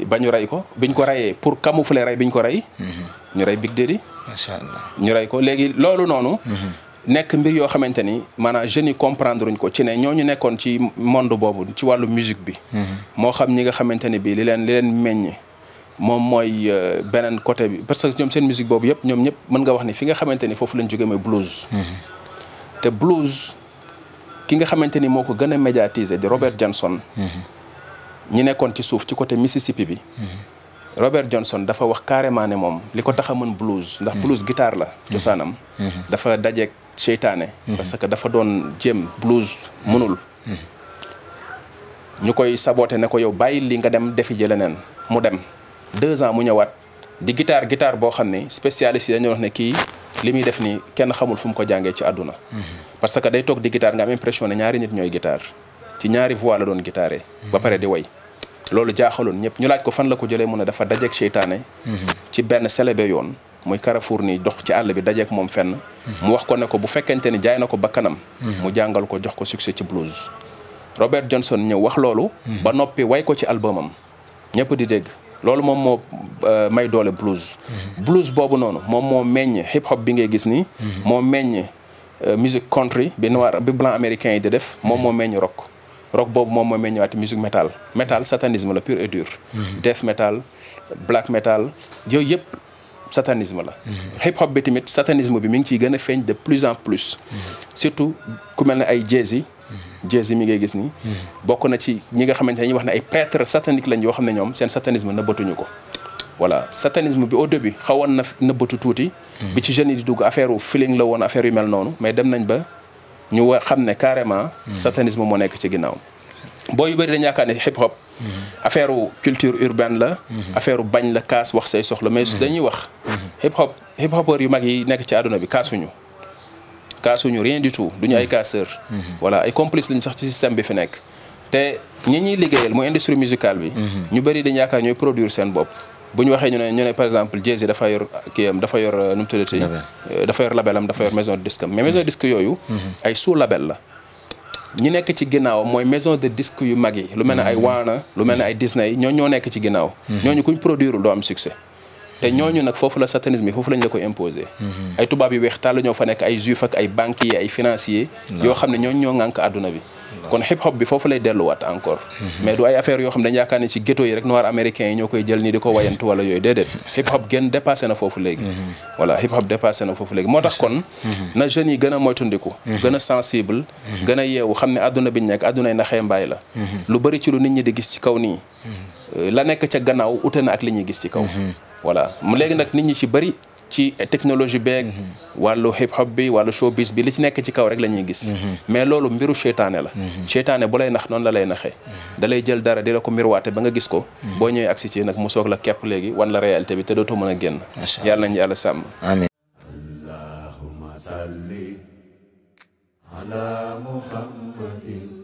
S2: ba ñu rey ko biñ ko reyee pour camoufler rey bi ñu ko rey. Mm-hmm. ñu rey Big Daddy. macha allah ñu rey ko léegi loolu noonu. Mm-hmm. nekk mbir yoo xamante ni maanaam jeunes yi comprendre uñ ko ci ne ñooñu nekkoon ci monde boobu ci wàllu musique bi. moo xam ñi nga xamante ni bii li leen li meññ. moom mooy euh, beneen côté bi parce que ñoom seen musique boobu yëpp ñoom ñëpp mën nga wax ni fi nga xamante ni foofu lañ jógee mooy blues. te blues. ki nga xamante ni moo ko gën a médiatiser di Robert Johnson. Mm-hmm. ñi nekkoon ci suuf ci côté Mississippi bi. Mm-hmm. Robert Johnson dafa wax carrément ne moom li ko tax a mën blues ndax mm-hmm. blues gitaar la cosaanam. dafa dajeek seytaane. parce que dafa doon jéem blues mënul. ñu koy saboté ne ko yow bàyyi li nga dem defi ji leneen mu dem deux ans mu ñëwaat di gitaar guitare boo xam ne spécialiste yi dañuy wax ne kii. li muy def nii kenn xamul fu mu ko jàngee ci àdduna parce que day toog di guitare nga am impression ne ñaari nit ñooy gitaar ci ñaari voix la doon guitare ba pare di woy loolu jaaxaloon ñëpp ñu laaj ko fan la ko jëlee mu ne dafa dajeeg seytaane ci benn selebe yoon muy Carrefour ni dox ci àll bi dajeek moom fenn mu wax ko ne ko bu fekkente ni jaay na ko ba kanam mu jàngal ko jox ko succès ci blues Robert Johnson ñëw wax loolu ba noppi way ko ci albumam ñëpp di dégg loolu moom moo euh, may doole blues. Mhm. blues boobu noonu moom moo meññ hip hop bi ngay gis nii. Mhm. moo meññ euh, musique country bi noir bi blanc américain yi di def moom mhm. moo meññ rock. rock boobu moom moo meññewaat musique metal metal satanisme la pur et dur. death metal black metal yooyu yëpp satanisme la. hip hop bi tamit satanisme bi mi ngi ciy gën a feeñ de plus en plus. surtout ku mel ne ay Jay-Z Jésus mi ngay gis ni hmm. bokk na ci ñi nga xamante ne ñu wax ne ay prêtre satanique lañ yoo xam ne ñoom seen satanisme nëbbatuñu ko. voilà satanisme bi au début xawoon na nëbbatu tuuti. Hmm. bi ci jeunes di dugg affaire wu feeling la woon affaire yu mel noonu mais dem nañ ba ñu war xam ne carrément. Hmm. satanisme moo nekk ci ginnaaw. boo yu bëri dañ yaakaar ne hip hop. affaire culture urbaine la. affaire bañ la kaas wax say soxla mais dañuy wax. hip hop hip hopeur yu mag yi nekk ci àdduna bi kaasuñu. kaasuñu rien du tout duñu ay casseurs. Mhm. voilà ay complices lañ sax ci système bi fi nekk. te ñi ñuy liggéeyal mooy industrie musicale bi. Mhm. ñu bëri dañ yaakaar ñooy produire seen bopp. bu ñu waxee ñu ne ñu ne par exemple Jay-Z dafa yor kii am dafa yor euh, nu mu tuddati. Euh, dafa yor label dafa yor maison de disque mhm. maison de disque yooyu. ay sous label la. ñi nekk ci ginnaawam mooy maison de disque yu mag yi. lu mel ne ay Waana lu mel ne ay Disney ñoo ñoo nekk ci ginnaaw. ñooñu kuñ produire doo te ñooñu nag foofu la satanisme yi foofu lañ la ko imposé. Mhm. ay tubaab yu weex tàll ñoo fa nekk ay juif ak ay banquiers ay financiers. yoo xam ne ñooñu ñoo ŋànk àdduna bi. kon hip hop bi foofu lay delluwaat encore. Mhm. mais du ay affaire yoo xam ne dañu yaakaar ne ci ghetto yi rek noir américain yi ñoo koy jël nii di ko wayantu wala yooyu déedéet. hip hop gën dépassé na foofu léegi. Mhm. voilà hip hop dépassé na foofu léegi moo tax kon. na jeunes yi gën a moytandiku. gën a sensible. gën a yeewu xam ne àdduna bi ñu nekk àdduna yi naxee mbaay la. lu bëri ci lu nit di gis ci kaw nii. la nekk ca gannaaw ute na ak li ñuy gis ci kaw. voilà mu léegi nag nit ñi ci bëri ci technologie beeg mhm. wàllu hip hop bi wàllu showbiz bi li ci nekk ci kaw rek la ñuy gis mhm. mais loolu mbiru seytaane la mhm. seytaane bu lay nax noonu la lay naxee dalay jël dara di la ko mirwaate ba nga gis ko boo ñëwee agsi ci nag mu soog la képp léegi wan la réalité bi te dootoo mën a génn yàlla nañ yàlla sàmm amiin
S1: allahumma